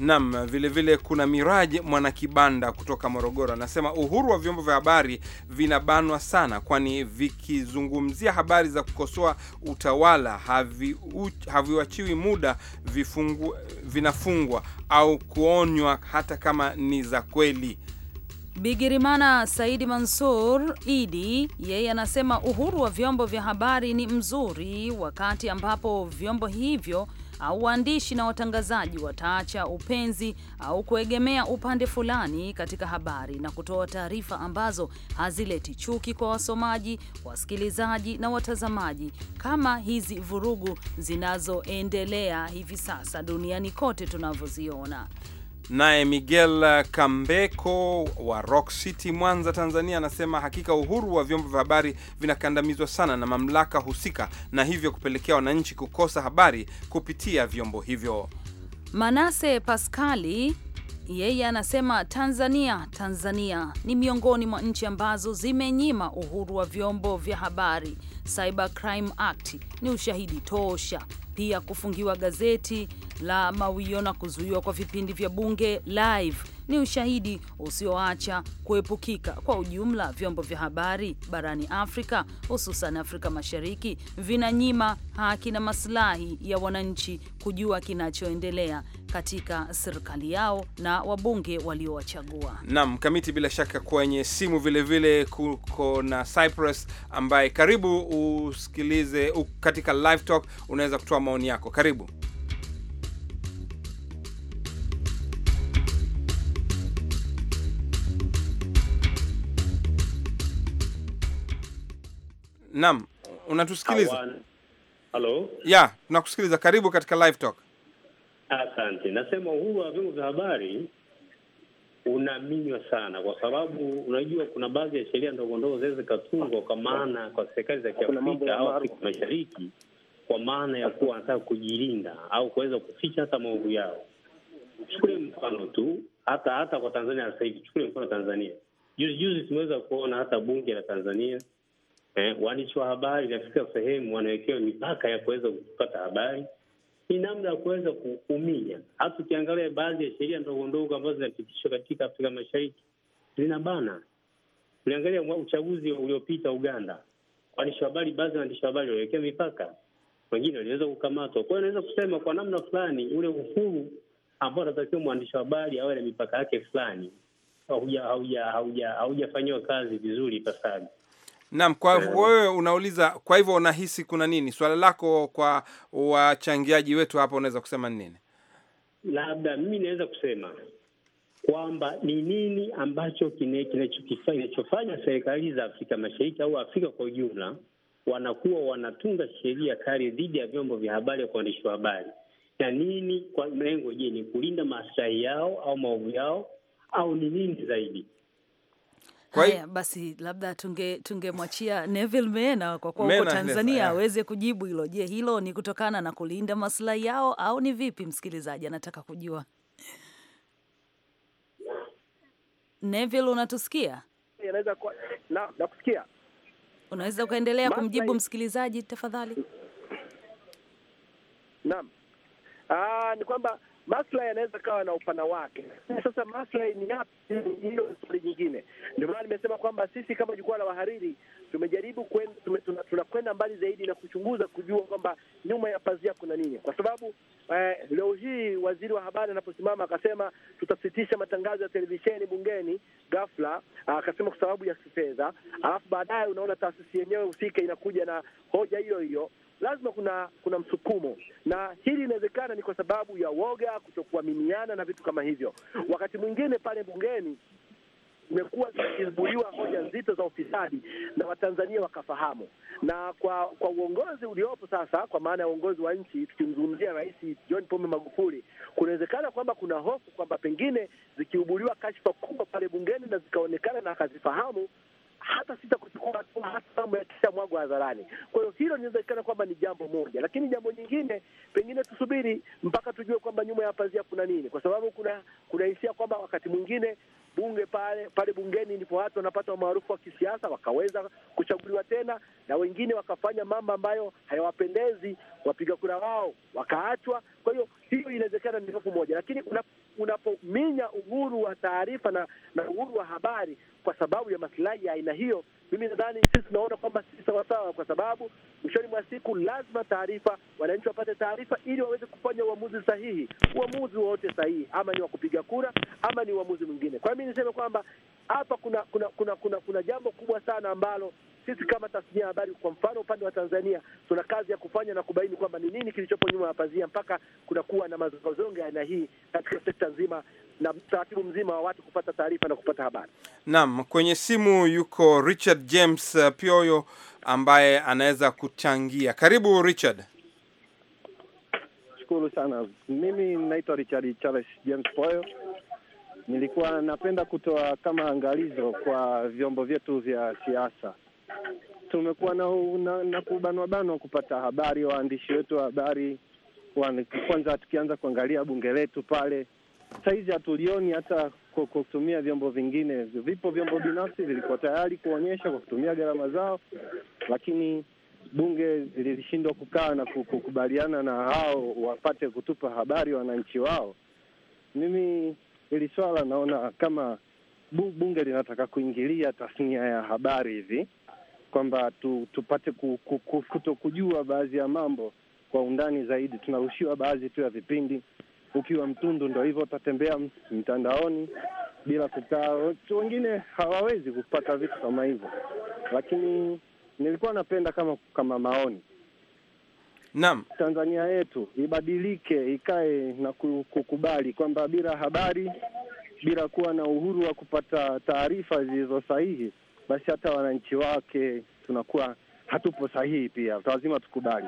Nam vilevile kuna Miraji Mwanakibanda kutoka Morogoro anasema uhuru wa vyombo vya habari vinabanwa sana, kwani vikizungumzia habari za kukosoa utawala haviwachiwi havi muda vifungu, vinafungwa au kuonywa hata kama ni za kweli. Bigirimana Saidi Mansur Idi yeye anasema uhuru wa vyombo vya habari ni mzuri, wakati ambapo vyombo hivyo au waandishi na watangazaji wataacha upenzi au kuegemea upande fulani katika habari na kutoa taarifa ambazo hazileti chuki kwa wasomaji, wasikilizaji na watazamaji kama hizi vurugu zinazoendelea hivi sasa duniani kote tunavyoziona. Naye Miguel Kambeko wa Rock City, Mwanza, Tanzania, anasema hakika uhuru wa vyombo vya habari vinakandamizwa sana na mamlaka husika, na hivyo kupelekea wananchi kukosa habari kupitia vyombo hivyo. Manase Paskali yeye anasema Tanzania, Tanzania ni miongoni mwa nchi ambazo zimenyima uhuru wa vyombo vya habari. Cyber Crime Act ni ushahidi tosha pia kufungiwa gazeti la Mawio na kuzuiwa kwa vipindi vya bunge live ni ushahidi usioacha kuepukika. Kwa ujumla, vyombo vya habari barani Afrika, hususan Afrika Mashariki, vinanyima haki na masilahi ya wananchi kujua kinachoendelea katika serikali yao na wabunge waliowachagua. Naam, Kamiti, bila shaka kwenye simu vilevile kuko na Cyprus ambaye, karibu usikilize katika live talk, unaweza kutoa maoni yako. Karibu. Naam, unatusikiliza? Halo. Yeah, tunakusikiliza. Karibu katika live talk. Asante. Nasema huu wa vyombo vya habari unaminywa sana, kwa sababu unajua kuna baadhi ya sheria ndogo ndogo zinaweza zikatungwa kwa maana kwa serikali za Kiafrika au Afrika Mashariki, kwa maana ya kuwa wanataka kujilinda au kuweza kuficha hata maovu yao. Chukulie mfano tu, hata hata kwa Tanzania sasa hivi, chukulie mfano Tanzania, juzi juzi tumeweza kuona hata bunge la Tanzania eh, waandishi wa habari katika sehemu wanawekewa mipaka ya kuweza kupata habari. Ni namna ya kuweza kuumia. Hasa ukiangalia baadhi ya sheria ndogo ndogo ambazo zinapitishwa katika Afrika Mashariki zina bana. Uliangalia uchaguzi uliopita Uganda, waandishi wa habari, baadhi ya waandishi wa habari waliwekewa mipaka, wengine waliweza kukamatwa. Kwa hiyo naweza kusema kwa namna fulani ule uhuru ambao anatakiwa mwandishi wa habari awe na mipaka yake fulani haujafanyiwa kazi vizuri ipasavyo. Naam, kwa eh. wewe unauliza, kwa hivyo unahisi kuna nini? Swala lako kwa wachangiaji wetu hapa, unaweza kusema ni nini? Labda mimi naweza kusema kwamba ni nini ambacho kinachofanya serikali za Afrika Mashariki au Afrika kwa ujumla wanakuwa wanatunga sheria kali dhidi ya vyombo vya habari kwa waandishi wa habari, na nini kwa mlengo? Je, ni kulinda maslahi yao au maovu yao au ni nini zaidi? Kwa basi labda tungemwachia Neville Mena kwa kuwa huko Tanzania aweze kujibu hilo. Je, hilo ni kutokana na kulinda maslahi yao au ni vipi? Msikilizaji anataka kujua. Neville, unatusikia? Na, nakusikia. Unaweza ukaendelea kumjibu msikilizaji tafadhali. Naam. Ah, ni kwamba maslahi yanaweza kawa na upana wake. Sasa maslahi ni yapi? Hiyo swali nyingine. Ndio maana nimesema kwamba sisi kama jukwaa la wahariri tumejaribu tunakwenda tuna, tuna mbali zaidi na kuchunguza kujua kwamba nyuma ya pazia kuna nini, kwa sababu eh, leo hii waziri wa habari anaposimama akasema tutasitisha matangazo ya televisheni bungeni ghafla, ah, akasema kwa sababu ya kifedha, alafu baadaye unaona taasisi yenyewe husika inakuja na hoja hiyo hiyo lazima kuna kuna msukumo, na hili inawezekana ni kwa sababu ya woga, kutokuaminiana na vitu kama hivyo. Wakati mwingine pale bungeni imekuwa zikiibuliwa hoja nzito za ufisadi na Watanzania wakafahamu. Na kwa kwa uongozi uliopo sasa, kwa maana ya uongozi wa nchi, tukimzungumzia Rais John Pombe Magufuli, kunawezekana kwamba kuna hofu kwamba pengine zikiubuliwa kashfa kubwa pale bungeni na zikaonekana na akazifahamu hata sita kuchukua hata mambo mwagwa hadharani. Kwa hiyo hilo linawezekana kwamba ni jambo moja, lakini jambo nyingine pengine tusubiri mpaka tujue kwamba nyuma ya pazia kuna nini, kwa sababu kuna kuna hisia kwamba wakati mwingine bunge pale pale bungeni, ndipo watu wanapata umaarufu wa kisiasa, wakaweza kuchaguliwa tena, na wengine wakafanya mambo ambayo hayawapendezi wapiga kura wao, wakaachwa. Kwa hiyo hiyo inawezekana ni hofu moja, lakini unapominya uhuru wa taarifa na, na uhuru wa habari kwa sababu ya masilahi ya aina hiyo mimi nadhani sisi tunaona kwamba si sawasawa, kwa sababu mwishoni mwa siku lazima taarifa, wananchi wapate taarifa ili waweze kufanya uamuzi sahihi. Uamuzi wowote sahihi, ama ni wa kupiga kura ama ni uamuzi mwingine. Kwa hiyo mi niseme kwamba hapa kuna kuna kuna kuna, kuna jambo kubwa sana ambalo sisi kama tasnia ya habari, kwa mfano upande wa Tanzania, tuna kazi ya kufanya na kubaini kwamba ni nini kilichopo nyuma ya pazia mpaka kunakuwa na ya aina hii katika sekta nzima na taratibu mzima wa watu kupata taarifa na kupata habari. Naam, kwenye simu yuko Richard James uh, Pioyo ambaye anaweza kuchangia. Karibu Richard. Shukuru sana. Mimi naitwa Richard Charles James Pioyo. Nilikuwa napenda kutoa kama angalizo kwa vyombo vyetu vya siasa tumekuwa na, na, na kubanwa banwa kupata habari, waandishi wetu wa habari wan, kwanza tukianza kuangalia bunge letu pale sahizi hatulioni hata kwa kutumia vyombo vingine. Vipo vyombo binafsi vilikuwa tayari kuonyesha kwa kutumia gharama zao, lakini bunge lilishindwa kukaa na kukubaliana na hao wapate kutupa habari wananchi wao. Mimi hili swala naona kama bunge linataka kuingilia tasnia ya habari hivi kwamba tu, tupate kujua baadhi ya mambo kwa undani zaidi. Tunarushiwa baadhi tu ya vipindi ukiwa mtundu, ndo hivyo utatembea mtandaoni bila kukaa. Wengine hawawezi kupata vitu kama hivyo, lakini nilikuwa napenda kama kama maoni Naam. Tanzania yetu ibadilike, ikae na kukubali kwamba bila habari, bila kuwa na uhuru wa kupata taarifa zilizo sahihi, basi hata wananchi wake tunakuwa hatupo sahihi. Pia lazima tukubali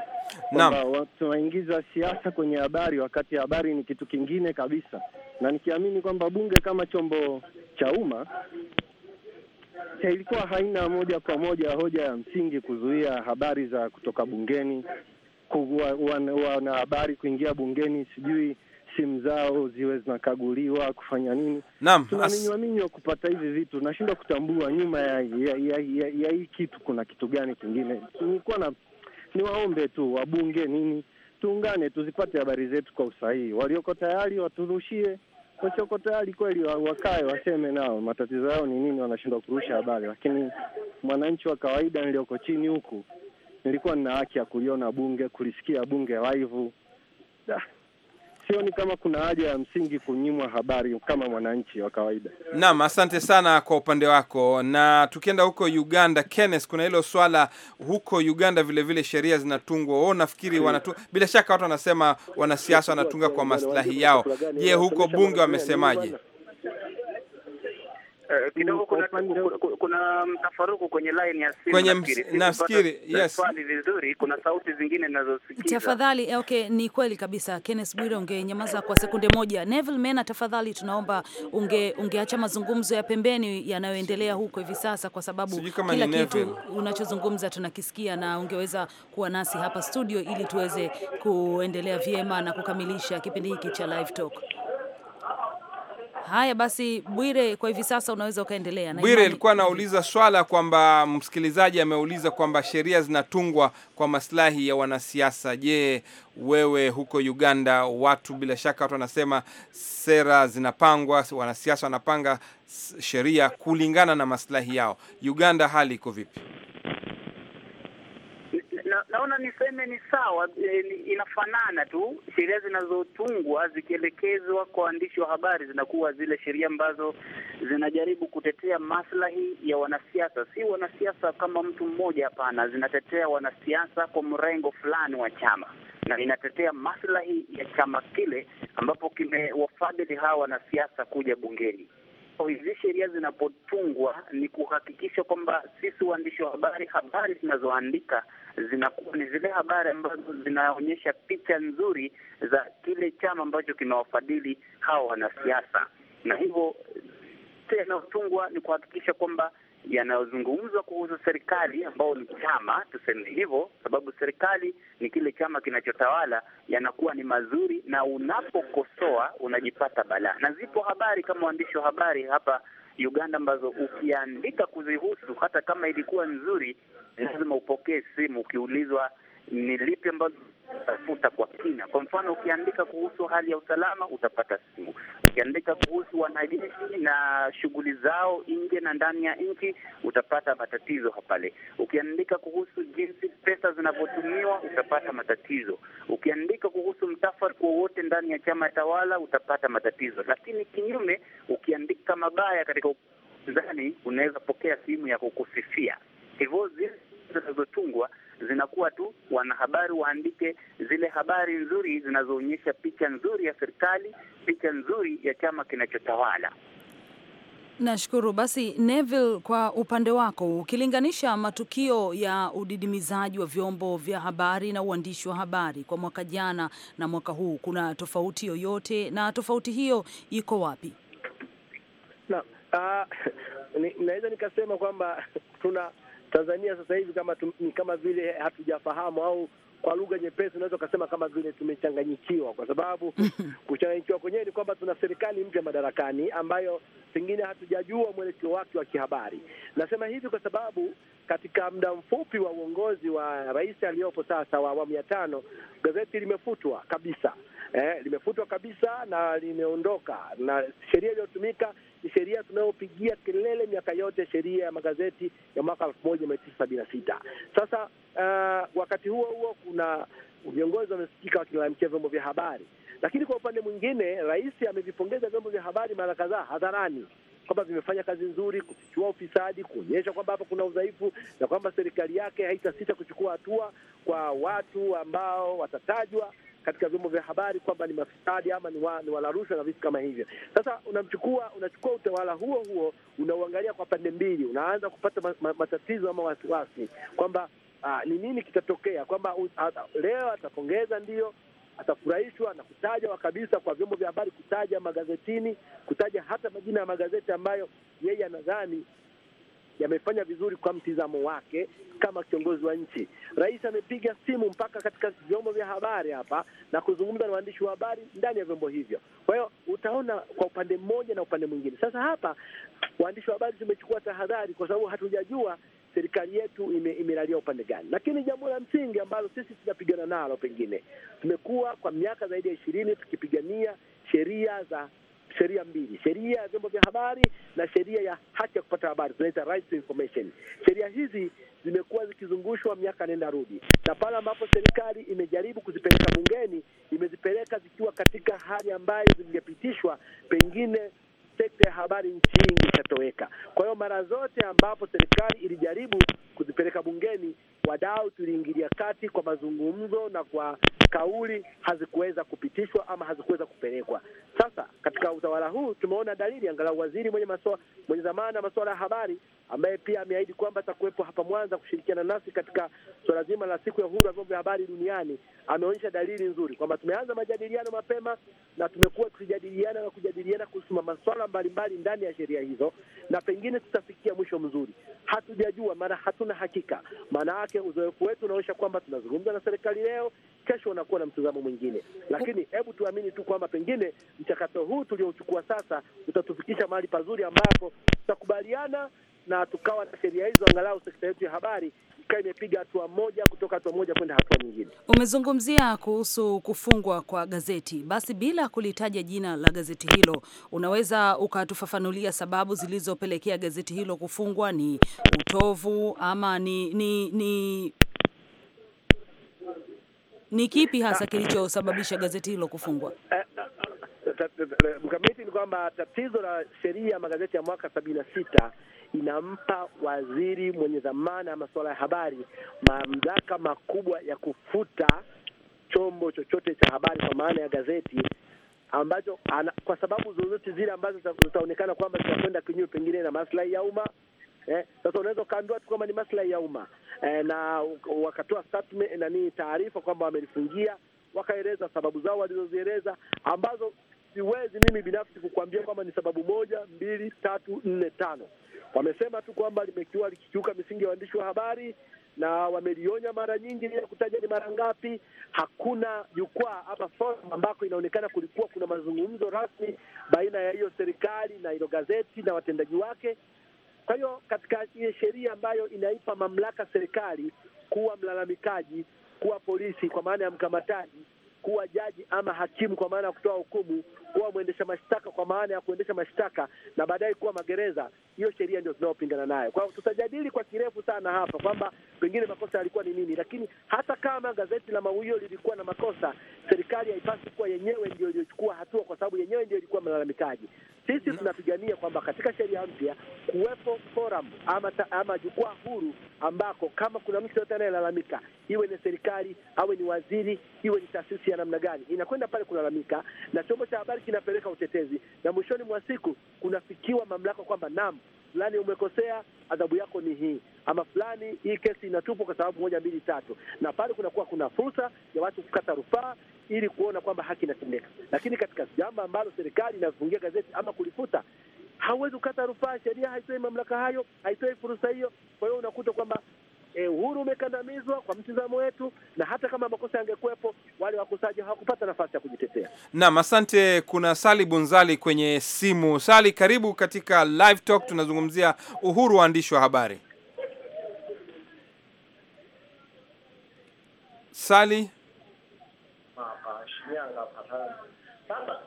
kwamba tunaingiza siasa kwenye habari, wakati habari ni kitu kingine kabisa, na nikiamini kwamba bunge kama chombo cha umma ilikuwa haina moja kwa moja hoja ya msingi kuzuia habari za kutoka bungeni, wanahabari kuingia bungeni, sijui simu zao ziwe zinakaguliwa kufanya nini. Naam, tunaminywa kupata hivi vitu, nashindwa kutambua nyuma ya, ya, ya, ya, ya hii kitu kuna kitu gani kingine. Nilikuwa na niwaombe tu wabunge nini, tuungane tuzipate habari zetu kwa usahihi. Walioko tayari waturushie, wasioko tayari kweli wakae waseme nao matatizo yao ni nini, wanashindwa kurusha habari. Lakini mwananchi wa kawaida nilioko chini huku, nilikuwa nina haki ya kuliona bunge, kulisikia bunge live sioni kama kuna haja ya msingi kunyimwa habari kama mwananchi wa kawaida. Naam, asante sana kwa upande wako. Na tukienda huko Uganda, Kenneth, kuna hilo swala huko Uganda vilevile, sheria zinatungwa wao, nafikiri wanatu bila shaka watu wanasema wanasiasa wanatunga kwa maslahi yao. Je, huko bunge wamesemaje? Uh, kidogo kuna, kuna mtafaruku kwenye line ya simu kwenye nafikiri, eh, yes. Swali vizuri, kuna sauti zingine ninazosikia. Tafadhali, eh, okay, ni kweli kabisa. Kenneth Bwire, ungenyamaza kwa sekunde moja. Neville Mena, tafadhali tunaomba unge, ungeacha mazungumzo ya pembeni yanayoendelea huko hivi sasa, kwa sababu kila kitu unachozungumza tunakisikia, na ungeweza kuwa nasi hapa studio ili tuweze kuendelea vyema na kukamilisha kipindi hiki cha live talk. Haya basi, Bwire, kwa hivi sasa unaweza ukaendelea. Bwire alikuwa anauliza swala kwamba msikilizaji ameuliza kwamba sheria zinatungwa kwa maslahi ya wanasiasa. Je, wewe huko Uganda, watu bila shaka, watu wanasema sera zinapangwa, wanasiasa wanapanga sheria kulingana na maslahi yao. Uganda hali iko vipi? naona niseme ni sawa, e, inafanana tu. Sheria zinazotungwa zikielekezwa kwa waandishi wa habari zinakuwa zile sheria ambazo zinajaribu kutetea maslahi ya wanasiasa, si wanasiasa kama mtu mmoja, hapana. Zinatetea wanasiasa kwa mrengo fulani wa chama na inatetea maslahi ya chama kile ambapo kimewafadhili hawa wanasiasa kuja bungeni hizi sheria zinapotungwa ni kuhakikisha kwamba sisi waandishi wa habari, habari zinazoandika zinakuwa ni zile habari ambazo zinaonyesha picha nzuri za kile chama ambacho kimewafadhili hawa wanasiasa, na hivyo yanayotungwa ni kuhakikisha kwamba yanayozungumzwa kuhusu serikali ambao ni chama, tuseme hivyo, sababu serikali ni kile chama kinachotawala, yanakuwa ni mazuri, na unapokosoa unajipata balaa. Na zipo habari kama waandishi wa habari hapa Uganda ambazo ukiandika kuzihusu, hata kama ilikuwa nzuri, lazima upokee simu ukiulizwa ni lipi ambalo tafuta kwa kina. Kwa mfano, ukiandika kuhusu hali ya usalama utapata simu, ukiandika kuhusu wanajeshi na shughuli zao nje na ndani ya nchi utapata matatizo hapale, ukiandika kuhusu jinsi pesa zinavyotumiwa utapata matatizo, ukiandika kuhusu mtafaruku wowote ndani ya chama tawala utapata matatizo. Lakini kinyume, ukiandika mabaya katika upinzani unaweza pokea simu ya kukusifia. Hivyo zile zinazotungwa zinakuwa tu wanahabari waandike zile habari nzuri zinazoonyesha picha nzuri ya serikali, picha nzuri ya chama kinachotawala. Nashukuru. Basi Neville, kwa upande wako, ukilinganisha matukio ya udidimizaji wa vyombo vya habari na uandishi wa habari kwa mwaka jana na mwaka huu, kuna tofauti yoyote, na tofauti hiyo iko wapi? Na, uh, naweza nikasema kwamba tuna Tanzania sasa hivi kama tum, ni kama vile hatujafahamu au kwa lugha nyepesi unaweza ukasema kama vile tumechanganyikiwa, kwa sababu kuchanganyikiwa kwenyewe ni kwamba tuna serikali mpya madarakani ambayo pengine hatujajua mwelekeo wake wa kihabari. Nasema hivi kwa sababu katika muda mfupi wa uongozi wa rais aliyopo sasa wa awamu ya tano, gazeti limefutwa kabisa eh, limefutwa kabisa na limeondoka, na sheria iliyotumika ni sheria tunayopigia kelele miaka yote, sheria ya magazeti ya mwaka elfu moja mia tisa sabini na sita. Sasa uh, wakati huo huo kuna viongozi wamesikika wakilalamikia vyombo vya habari, lakini kwa upande mwingine rais amevipongeza vyombo vya habari mara kadhaa hadharani kwamba vimefanya kazi nzuri kufichua ufisadi, kuonyesha kwamba hapa kuna udhaifu na kwamba serikali yake haitasita kuchukua hatua kwa watu ambao watatajwa katika vyombo vya habari kwamba ni mafisadi ama ni, wa, ni wala rushwa na vitu kama hivyo. Sasa unamchukua unachukua utawala huo huo unauangalia kwa pande mbili, unaanza kupata matatizo ama wasiwasi kwamba ah, ni nini kitatokea, kwamba leo atapongeza ndio atafurahishwa na kutajwa kabisa kwa vyombo vya habari, kutaja magazetini, kutaja hata majina ya magazeti ambayo yeye anadhani yamefanya vizuri kwa mtizamo wake kama kiongozi wa nchi. Rais amepiga simu mpaka katika vyombo vya habari hapa na kuzungumza na waandishi wa habari ndani ya vyombo hivyo. Kwa hiyo utaona kwa upande mmoja na upande mwingine. Sasa hapa waandishi wa habari tumechukua tahadhari, kwa sababu hatujajua serikali yetu ime, imelalia upande gani. Lakini jambo la msingi ambalo sisi tunapigana nalo, pengine tumekuwa kwa miaka zaidi ya ishirini tukipigania sheria za sheria mbili, sheria ya vyombo vya habari na sheria ya haki ya kupata habari, tunaita right to information. Sheria hizi zimekuwa zikizungushwa miaka nenda rudi, na pale ambapo serikali imejaribu kuzipeleka bungeni, imezipeleka zikiwa katika hali ambayo zingepitishwa pengine sekta ya habari nchi hii ingetoweka. Kwa hiyo mara zote ambapo serikali ilijaribu kuzipeleka bungeni wadau tuliingilia kati kwa mazungumzo na kwa kauli hazikuweza kupitishwa ama hazikuweza kupelekwa. Sasa katika utawala huu tumeona dalili, angalau waziri mwenye masuala mwenye dhamana masuala ya habari ambaye pia ameahidi kwamba atakuwepo hapa Mwanza kushirikiana nasi katika suala zima la siku ya uhuru wa vyombo vya habari duniani, ameonyesha dalili nzuri kwamba tumeanza majadiliano mapema na tumekuwa tukijadiliana na kujadiliana kuhusu masuala mbalimbali ndani ya sheria hizo, na pengine tutafikia mwisho mzuri. Hatujajua, maana hatuna hakika. Maana yake uzoefu wetu unaonyesha kwamba tunazungumza na serikali leo, kesho unakuwa na mtazamo mwingine, lakini hebu tuamini tu kwamba pengine mchakato huu tuliochukua sasa utatufikisha mahali pazuri ambapo tutakubaliana na tukawa na sheria hizo, angalau sekta yetu ya habari ikawa imepiga hatua moja kutoka hatua moja kwenda hatua nyingine. Umezungumzia kuhusu kufungwa kwa gazeti, basi bila kulitaja jina la gazeti hilo, unaweza ukatufafanulia sababu zilizopelekea gazeti hilo kufungwa? Ni utovu ama ni ni ni ni kipi hasa kilichosababisha gazeti hilo kufungwa? Eh, mkamiti ni kwamba tatizo la sheria ya magazeti ya mwaka sabini na sita inampa waziri mwenye dhamana ya masuala ya habari mamlaka makubwa ya kufuta chombo chochote cha habari kwa maana ya gazeti ambacho ana, kwa sababu zozote zile ambazo zitaonekana kwamba zinakwenda kinyume pengine na maslahi ya umma eh. Sasa unaweza ukaambiwa tu kwamba ni maslahi ya umma eh, na wakatoa statement eh, na ni taarifa kwamba wamelifungia, wakaeleza sababu zao walizozieleza ambazo siwezi mimi binafsi kukuambia kwamba ni sababu moja, mbili, tatu, nne, tano. Wamesema tu kwamba limekiwa likikiuka misingi ya waandishi wa habari na wamelionya mara nyingi ya kutaja ni mara ngapi. Hakuna jukwaa ama forum ambako inaonekana kulikuwa kuna mazungumzo rasmi baina ya hiyo serikali na hilo gazeti na watendaji wake. Kwa hiyo katika ile sheria ambayo inaipa mamlaka serikali kuwa mlalamikaji, kuwa polisi kwa maana ya mkamataji, kuwa jaji ama hakimu kwa maana ya kutoa hukumu, kuwa mwendesha mashtaka kwa maana ya kuendesha mashtaka, na baadaye kuwa magereza. Hiyo sheria ndio tunayopingana nayo. Kwa hiyo tutajadili kwa kirefu sana hapa kwamba pengine makosa yalikuwa ni nini, lakini hata kama gazeti la Mawio lilikuwa na makosa, serikali haipaswi kuwa yenyewe ndio iliyochukua hatua, kwa sababu yenyewe ndio ilikuwa mlalamikaji. Sisi mm-hmm. tunapigania kwamba katika sheria mpya kuwepo forum ama, ta, ama jukwaa huru ambako kama kuna mtu yoyote anayelalamika, iwe ni serikali, awe ni waziri, iwe ni taasisi ya namna gani, inakwenda pale kulalamika, na chombo cha habari kinapeleka utetezi, na mwishoni mwa siku kunafikiwa mamlaka kwamba naam, fulani umekosea, adhabu yako ni hii, ama fulani, hii kesi inatupwa kwa sababu moja mbili tatu, na pale kunakuwa kuna fursa ya watu kukata rufaa ili kuona kwamba haki inatendeka. Lakini katika jambo ambalo serikali inafungia gazeti ama kulifuta, hauwezi kukata rufaa. Sheria haitoi mamlaka hayo, haitoi fursa hiyo. Kwa hiyo unakuta kwamba e, uhuru umekandamizwa kwa mtizamo wetu, na hata kama makosa yangekuwepo wale wakosaji hawakupata nafasi ya kujitetea. Naam, asante. Kuna Sali Bunzali kwenye simu. Sali, karibu katika Live Talk, tunazungumzia uhuru waandishi wa habari. Sali Mama,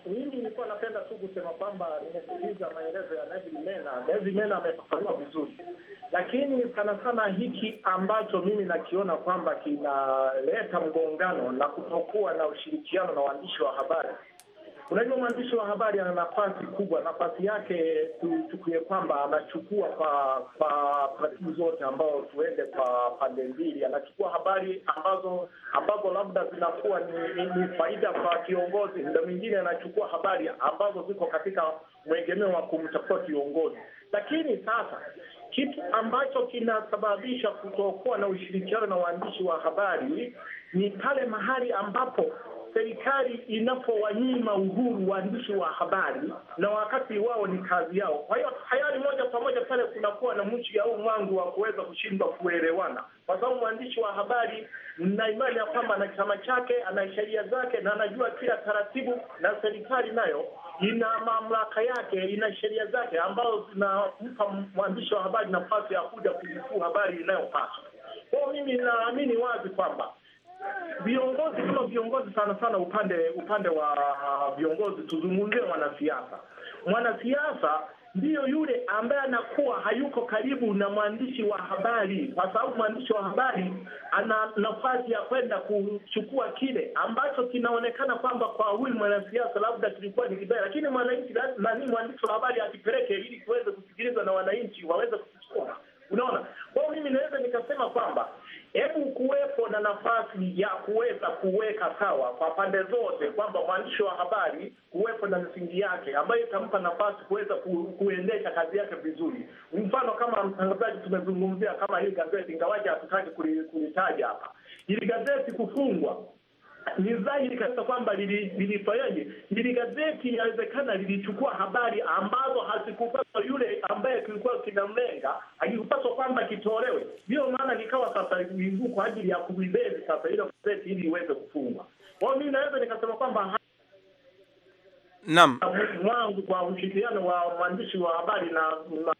mimi nilikuwa napenda tu kusema kwamba nimesikiliza maelezo ya David Mena. David Mena amefafanua vizuri, lakini sana sana hiki ambacho mimi nakiona kwamba kinaleta mgongano na kutokuwa na ushirikiano na waandishi wa habari Unajua, mwandishi wa habari ana nafasi kubwa, nafasi yake tuchukulie kwamba anachukua kwa kwa pati zote, ambao tuende kwa pande mbili, anachukua habari ambazo ambazo labda zinakuwa ni, ni faida kwa kiongozi. ndo mwingine anachukua habari ambazo ziko katika mwegemeo wa kumtafuta kiongozi, lakini sasa kitu ambacho kinasababisha kutokuwa na ushirikiano na waandishi wa habari ni pale mahali ambapo serikali inapowanyima uhuru waandishi wa habari na wakati wao ni kazi yao. Kwa hiyo hayari moja kwa moja pale kunakuwa na mchi au mwangu wa kuweza kushindwa kuelewana, kwa sababu mwandishi wa habari na imani ya kwamba ana chama chake, ana sheria zake na anajua kila taratibu, na serikali nayo ina mamlaka yake, ina sheria zake ambazo zinampa mwandishi wa habari nafasi ya kuja kunukuu habari inayopaswa. kwao. mimi naamini wazi kwamba viongozi sio viongozi, sana sana upande upande wa viongozi, tuzungumzie mwanasiasa. Mwanasiasa ndiyo yule ambaye anakuwa hayuko karibu na mwandishi wa habari, kwa sababu mwandishi wa habari ana nafasi ya kwenda kuchukua kile ambacho kinaonekana kwamba kwa huyu mwanasiasa labda kilikuwa ni kibaya, lakini mwananchi nani, mwandishi wa habari akipeleke ili kiweze kusikilizwa na wananchi waweze kukichukua. Unaona, kwa hiyo mimi naweza nikasema kwamba hebu kuwepo na nafasi ya kuweza kuweka sawa kwa pande zote, kwamba mwandishi wa habari kuwepo na misingi yake ambayo itampa nafasi kuweza kuendesha kazi yake vizuri. Mfano kama mtangazaji, tumezungumzia kama hili gazeti, ingawaje hatutaki kulitaja hapa, hili gazeti kufungwa ni dhahiri kabisa kwamba lilifanyaje, lili gazeti inawezekana lilichukua habari ambazo hazikupaswa, yule ambaye kilikuwa kinamlenga akikupaswa kwamba kitolewe. Ndiyo maana likawa sasa miguu kwa ajili ya kuibezi sasa ile gazeti ili iweze kufungwa. Kwa mi naweza nikasema kwamba naam, kwa ushirikiano wa mwandishi wa habari na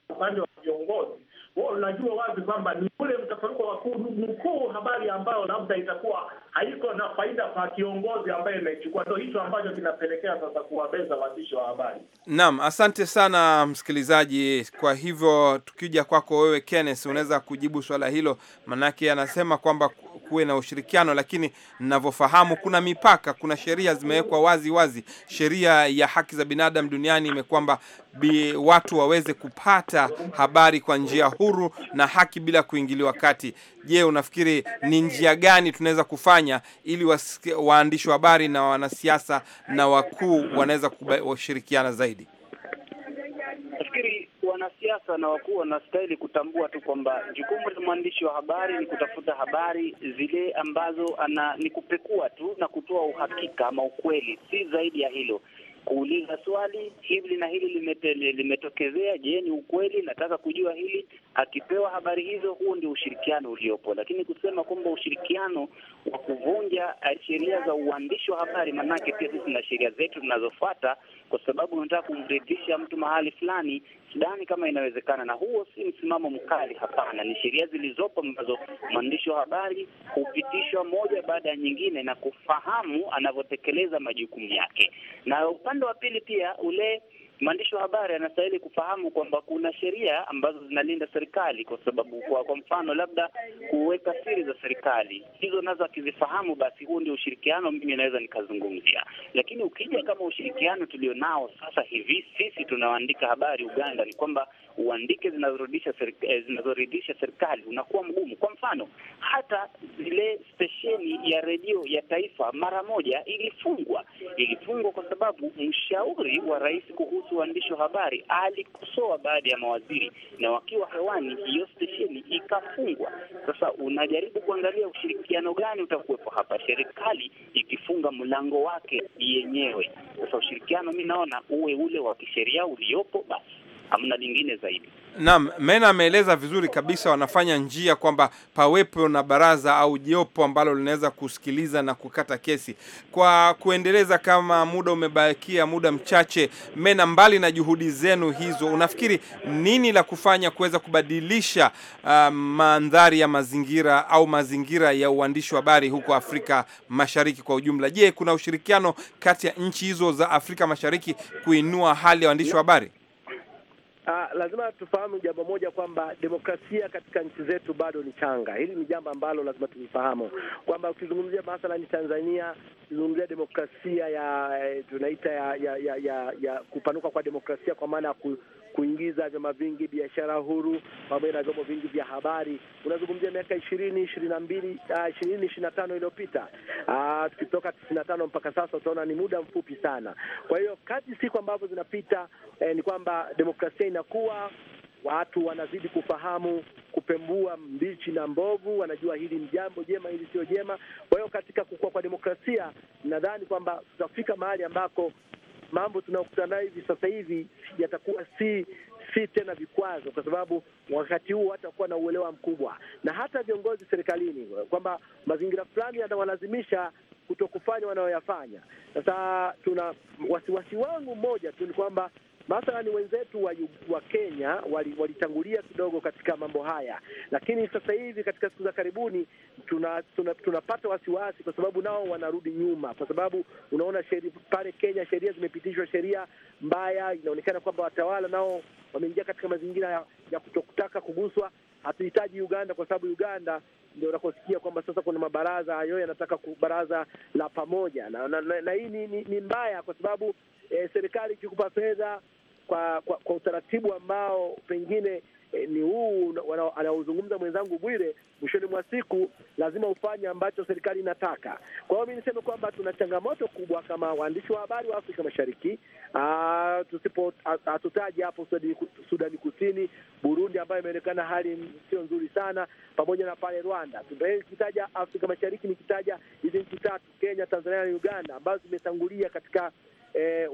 upande wa viongozi unajua wazi kwamba ni ule mtafaruko wa nukuu habari ambayo labda itakuwa haiko na faida kwa kiongozi ambaye imechukua. ndo hicho ambacho kinapelekea sasa kuwabeza waandishi wa habari. Naam, asante sana msikilizaji. Kwa hivyo tukija kwako wewe Kenneth, unaweza kujibu swala hilo, manake anasema kwamba kuwe na ushirikiano, lakini ninavyofahamu kuna mipaka, kuna sheria zimewekwa wazi wazi. Sheria ya haki za binadamu duniani imekwamba watu waweze kupata habari kwa njia huru na haki bila kuingiliwa kati. Je, unafikiri ni njia gani tunaweza kufanya ili waandishi wa habari na wanasiasa na wakuu wanaweza kushirikiana zaidi? Nafikiri wanasiasa na wakuu wanastahili kutambua tu kwamba jukumu la mwandishi wa habari ni kutafuta habari zile ambazo ana ni kupekua tu na kutoa uhakika ama ukweli, si zaidi ya hilo. Kuuliza swali hili na hili limetele, limetokezea, je, ni ukweli? Nataka kujua hili. Akipewa habari hizo, huo ndio ushirikiano uliopo, lakini kusema kwamba ushirikiano wa kuvunja eh, sheria za uandishi wa habari, maanake pia sisi na sheria zetu tunazofuata, kwa sababu unataka kumridhisha mtu mahali fulani, Sudani kama inawezekana, na huo si msimamo mkali, hapana. Ni sheria zilizopo ambazo mwandishi wa habari hupitishwa moja baada ya nyingine na kufahamu anavyotekeleza majukumu yake, na upande wa pili pia ule Mwandishi wa habari anastahili kufahamu kwamba kuna sheria ambazo zinalinda serikali, kwa sababu kwa, kwa mfano labda kuweka siri za serikali, hizo nazo akizifahamu, basi huu ndio ushirikiano mimi naweza nikazungumzia. Lakini ukija kama ushirikiano tulionao sasa hivi sisi tunaoandika habari Uganda, ni kwamba uandike zinazorudisha serikali, eh, zinazoridhisha serikali unakuwa mgumu. Kwa mfano hata zile stesheni ya redio ya taifa mara moja ilifungwa, ilifungwa kwa sababu mshauri wa rais kuhusu kuhusu waandishi wa habari, alikosoa baadhi ya mawaziri na wakiwa hewani, hiyo stesheni ikafungwa. Sasa unajaribu kuangalia ushirikiano gani utakuwepo hapa, serikali ikifunga mlango wake yenyewe. Sasa ushirikiano mi naona uwe ule wa kisheria uliopo, basi hamna lingine zaidi. Naam, Mena ameeleza vizuri kabisa, wanafanya njia kwamba pawepo na baraza au jopo ambalo linaweza kusikiliza na kukata kesi. Kwa kuendeleza, kama muda umebakia, muda mchache, Mena, mbali na juhudi zenu hizo, unafikiri nini la kufanya kuweza kubadilisha uh, mandhari ya mazingira au mazingira ya uandishi wa habari huko Afrika Mashariki kwa ujumla? Je, kuna ushirikiano kati ya nchi hizo za Afrika Mashariki kuinua hali ya uandishi wa habari? Uh, lazima tufahamu jambo moja kwamba demokrasia katika nchi zetu bado ni changa. Hili ni jambo ambalo lazima tulifahamu kwamba ukizungumzia mathalani Tanzania, ukizungumzia demokrasia ya eh, tunaita ya ya, ya ya ya kupanuka kwa demokrasia kwa maana ya ku, kuingiza vyama vingi, biashara huru pamoja na vyombo vingi vya habari. Unazungumzia miaka ishirini ishirini na mbili ah, ishirini ishirini na tano iliyopita, ah, tukitoka tisini na tano mpaka sasa, utaona ni muda mfupi sana. Kwa hiyo kati siku ambavyo zinapita eh, ni kwamba demokrasia inakuwa watu wanazidi kufahamu kupembua mbichi na mbovu, wanajua hili ni jambo jema, hili sio jema. Kwa hiyo katika kukua kwa demokrasia, nadhani kwamba tutafika mahali ambako mambo tunayokutana nayo hivi sasa hivi yatakuwa si si tena vikwazo, kwa sababu wakati huu hatakuwa na uelewa mkubwa, na hata viongozi serikalini kwamba mazingira fulani yanawalazimisha kuto kufanya wanayoyafanya. Sasa tuna wasiwasi wangu mmoja tu ni kwamba mathalani wenzetu wa, wa Kenya walitangulia wali kidogo katika mambo haya, lakini sasa hivi katika siku za karibuni tunapata tuna, tuna wasiwasi kwa sababu nao wanarudi nyuma, kwa sababu unaona pale Kenya sheria zimepitishwa, sheria mbaya. Inaonekana kwamba watawala nao wameingia katika mazingira ya, ya kutokutaka kuguswa. Hatuhitaji Uganda kwa sababu Uganda ndio unakosikia kwamba sasa kuna mabaraza hayo yanataka baraza la pamoja na, na, na, na hii ni, ni, ni mbaya kwa sababu e, serikali ikikupa fedha kwa, kwa kwa utaratibu ambao pengine e, ni huu anaozungumza mwenzangu Bwire, mwishoni mwa siku lazima ufanye ambacho serikali inataka. Kwa hiyo mi niseme kwamba tuna changamoto kubwa kama waandishi wa habari wa Afrika Mashariki, tusipo hatutaji hapo Sudani Kusini, Burundi ambayo imeonekana hali sio nzuri sana, pamoja na pale Rwanda. Nikitaja Afrika Mashariki, nikitaja hizi nchi tatu, Kenya, Tanzania na Uganda, ambazo zimetangulia katika eh,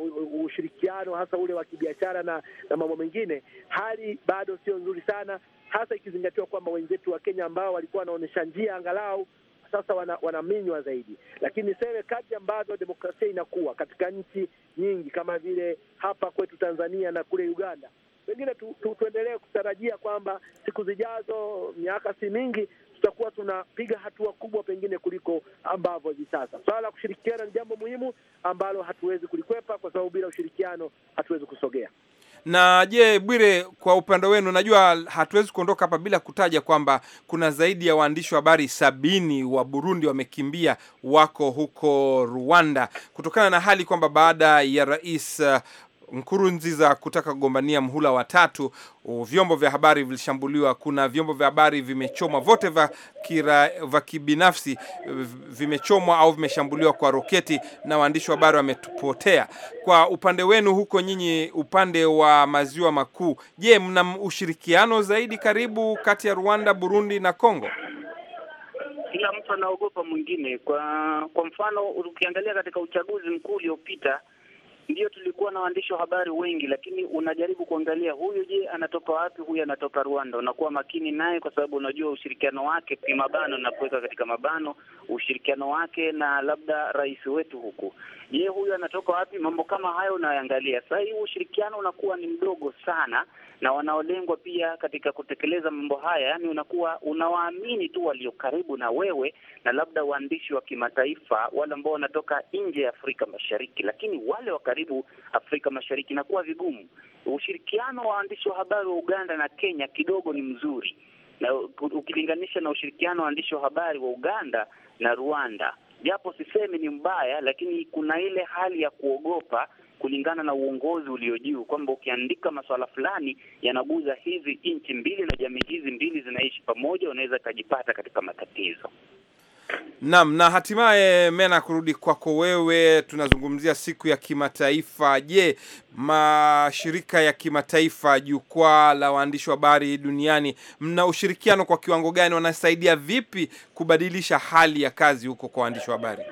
ushirikiano hasa ule wa kibiashara na, na mambo mengine, hali bado sio nzuri sana, hasa ikizingatiwa kwamba wenzetu wa Kenya ambao walikuwa wanaonyesha njia angalau sasa wana, wanaminywa zaidi. Lakini sewe kati ambazo demokrasia inakuwa katika nchi nyingi kama vile hapa kwetu Tanzania na kule Uganda, pengine tu, tu, tuendelee kutarajia kwamba siku zijazo, miaka si mingi, tutakuwa tunapiga hatua kubwa pengine kuliko ambavyo hivi sasa. Swala la kushirikiana ni jambo muhimu ambalo hatuwezi kulikwepa, kwa sababu bila ushirikiano hatuwezi kusogea. Na je, Bwire, kwa upande wenu, najua hatuwezi kuondoka hapa bila kutaja kwamba kuna zaidi ya waandishi wa habari sabini wa Burundi wamekimbia, wako huko Rwanda kutokana na hali kwamba baada ya rais Nkurunziza kutaka kugombania mhula wa tatu. Vyombo vya habari vilishambuliwa, kuna vyombo vya habari vimechomwa, vote vya kibinafsi vimechomwa au vimeshambuliwa kwa roketi, na waandishi wa habari wametupotea. Kwa upande wenu huko nyinyi, upande wa maziwa makuu, je, mna ushirikiano zaidi karibu kati ya Rwanda, Burundi na Kongo? Kila mtu anaogopa mwingine. Kwa kwa mfano, ukiangalia katika uchaguzi mkuu uliopita ndio tulikuwa na waandishi wa habari wengi, lakini unajaribu kuangalia huyu, je, anatoka wapi? Huyu anatoka Rwanda. Unakuwa makini naye, kwa sababu unajua ushirikiano wake kimabano, kuweka katika mabano, ushirikiano wake na labda rais wetu huku je, huyu anatoka wapi? Mambo kama hayo unayoangalia sasa hivi, ushirikiano unakuwa ni mdogo sana, na wanaolengwa pia katika kutekeleza mambo haya, yani unakuwa unawaamini tu walio karibu na wewe, na labda waandishi wa kimataifa wale ambao wanatoka nje ya Afrika Mashariki, lakini wale wa karibu Afrika Mashariki inakuwa vigumu. Ushirikiano wa waandishi wa habari wa Uganda na Kenya kidogo ni mzuri na ukilinganisha na ushirikiano wa waandishi wa habari wa Uganda na Rwanda japo sisemi ni mbaya, lakini kuna ile hali ya kuogopa kulingana na uongozi ulio juu kwamba ukiandika masuala fulani yanaguza hizi nchi mbili na jamii hizi mbili zinaishi pamoja, unaweza ikajipata katika matatizo. Naam, na hatimaye Mena, kurudi kwako wewe, tunazungumzia siku ya kimataifa. Je, mashirika ya kimataifa, jukwaa la waandishi wa habari duniani, mna ushirikiano kwa kiwango gani? Wanasaidia vipi kubadilisha hali ya kazi huko kwa waandishi wa habari?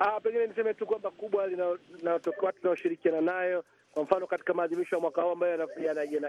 Ah, pengine niseme tu kwamba kubwa linalotoka tunaoshirikiana nayo kwa mfano katika maadhimisho ya mwaka huu ambayo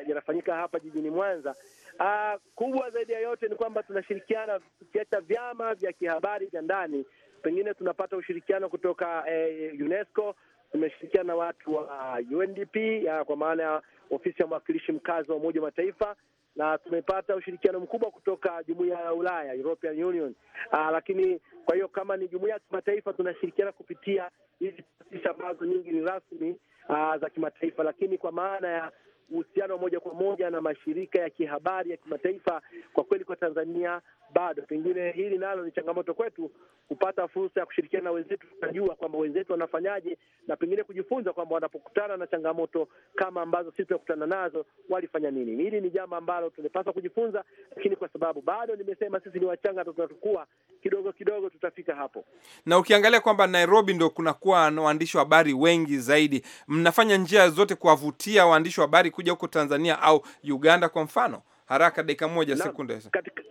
yanafanyika hapa jijini Mwanza, aa, ah, kubwa zaidi ya yote ni kwamba tunashirikiana, tukiacha vyama vya kihabari vya ndani, pengine tunapata ushirikiano kutoka eh, UNESCO tumeshirikiana na watu wa uh, ah, UNDP ya, ah, kwa maana ya ofisi ya mwakilishi mkazi wa Umoja wa Mataifa na tumepata ushirikiano mkubwa kutoka jumuiya ya Ulaya, European Union. Aa, ah, lakini kwa hiyo kama ni jumuiya ya kimataifa tunashirikiana kupitia hizi taasisi ambazo nyingi ni rasmi aa, ah, za kimataifa, lakini kwa maana ya uhusiano wa moja kwa moja na mashirika ya kihabari ya kimataifa, kwa kweli kwa Tanzania bado pengine hili nalo ni changamoto kwetu kupata fursa ya kushirikiana na wenzetu, tunajua kwamba wenzetu wanafanyaje, na pengine kujifunza kwamba wanapokutana na changamoto kama ambazo sisi tunakutana nazo walifanya nini. Hili ni jambo ambalo tumepaswa kujifunza, lakini kwa sababu bado nimesema sisi ni wachanga, tunatukua kidogo kidogo, tutafika hapo. Na ukiangalia kwamba Nairobi ndo kunakuwa na waandishi wa habari wengi zaidi, mnafanya njia zote kuwavutia waandishi wa habari kuja huko Tanzania au Uganda kwa mfano? Haraka, dakika moja, sekunde. Katika,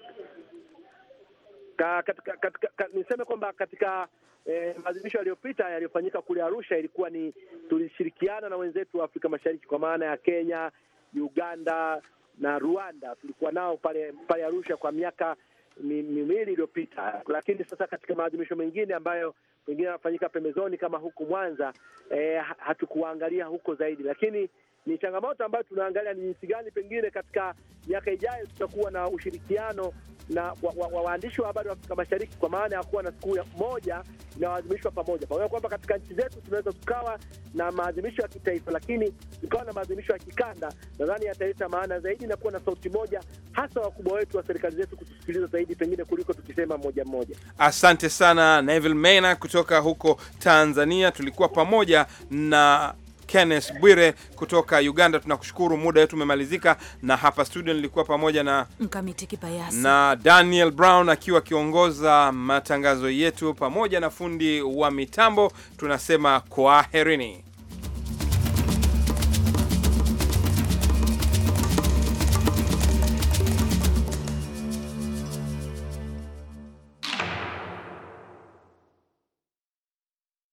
katika, katika, niseme kwamba katika E, maadhimisho yaliyopita yaliyofanyika kule Arusha ilikuwa ni tulishirikiana na wenzetu wa Afrika Mashariki kwa maana ya Kenya, Uganda na Rwanda. Tulikuwa nao pale pale Arusha kwa miaka miwili iliyopita, lakini sasa katika maadhimisho mengine ambayo pengine yanafanyika pembezoni kama huku Mwanza, e, eh, hatukuwaangalia huko zaidi, lakini ni changamoto ambayo tunaangalia ni jinsi gani pengine katika miaka ijayo tutakuwa na ushirikiano na wa waandishi wa habari wa Afrika Mashariki, kwa maana ya kuwa na siku moja inayoadhimishwa pamoja, pamoja kwamba katika nchi zetu tunaweza tukawa na maadhimisho ya kitaifa, lakini tukawa na maadhimisho ya kikanda. Nadhani yataleta maana zaidi na kuwa na sauti moja, hasa wakubwa wetu wa serikali zetu kutusikiliza zaidi pengine kuliko tukisema moja moja. Asante sana Neville Mena kutoka huko Tanzania. Tulikuwa pamoja na Kenneth Bwire kutoka Uganda. Tunakushukuru, muda wetu umemalizika, na hapa studio nilikuwa pamoja na Mkamiti Kibayasi na Daniel Brown akiwa akiongoza matangazo yetu pamoja na fundi wa mitambo. Tunasema kwaherini.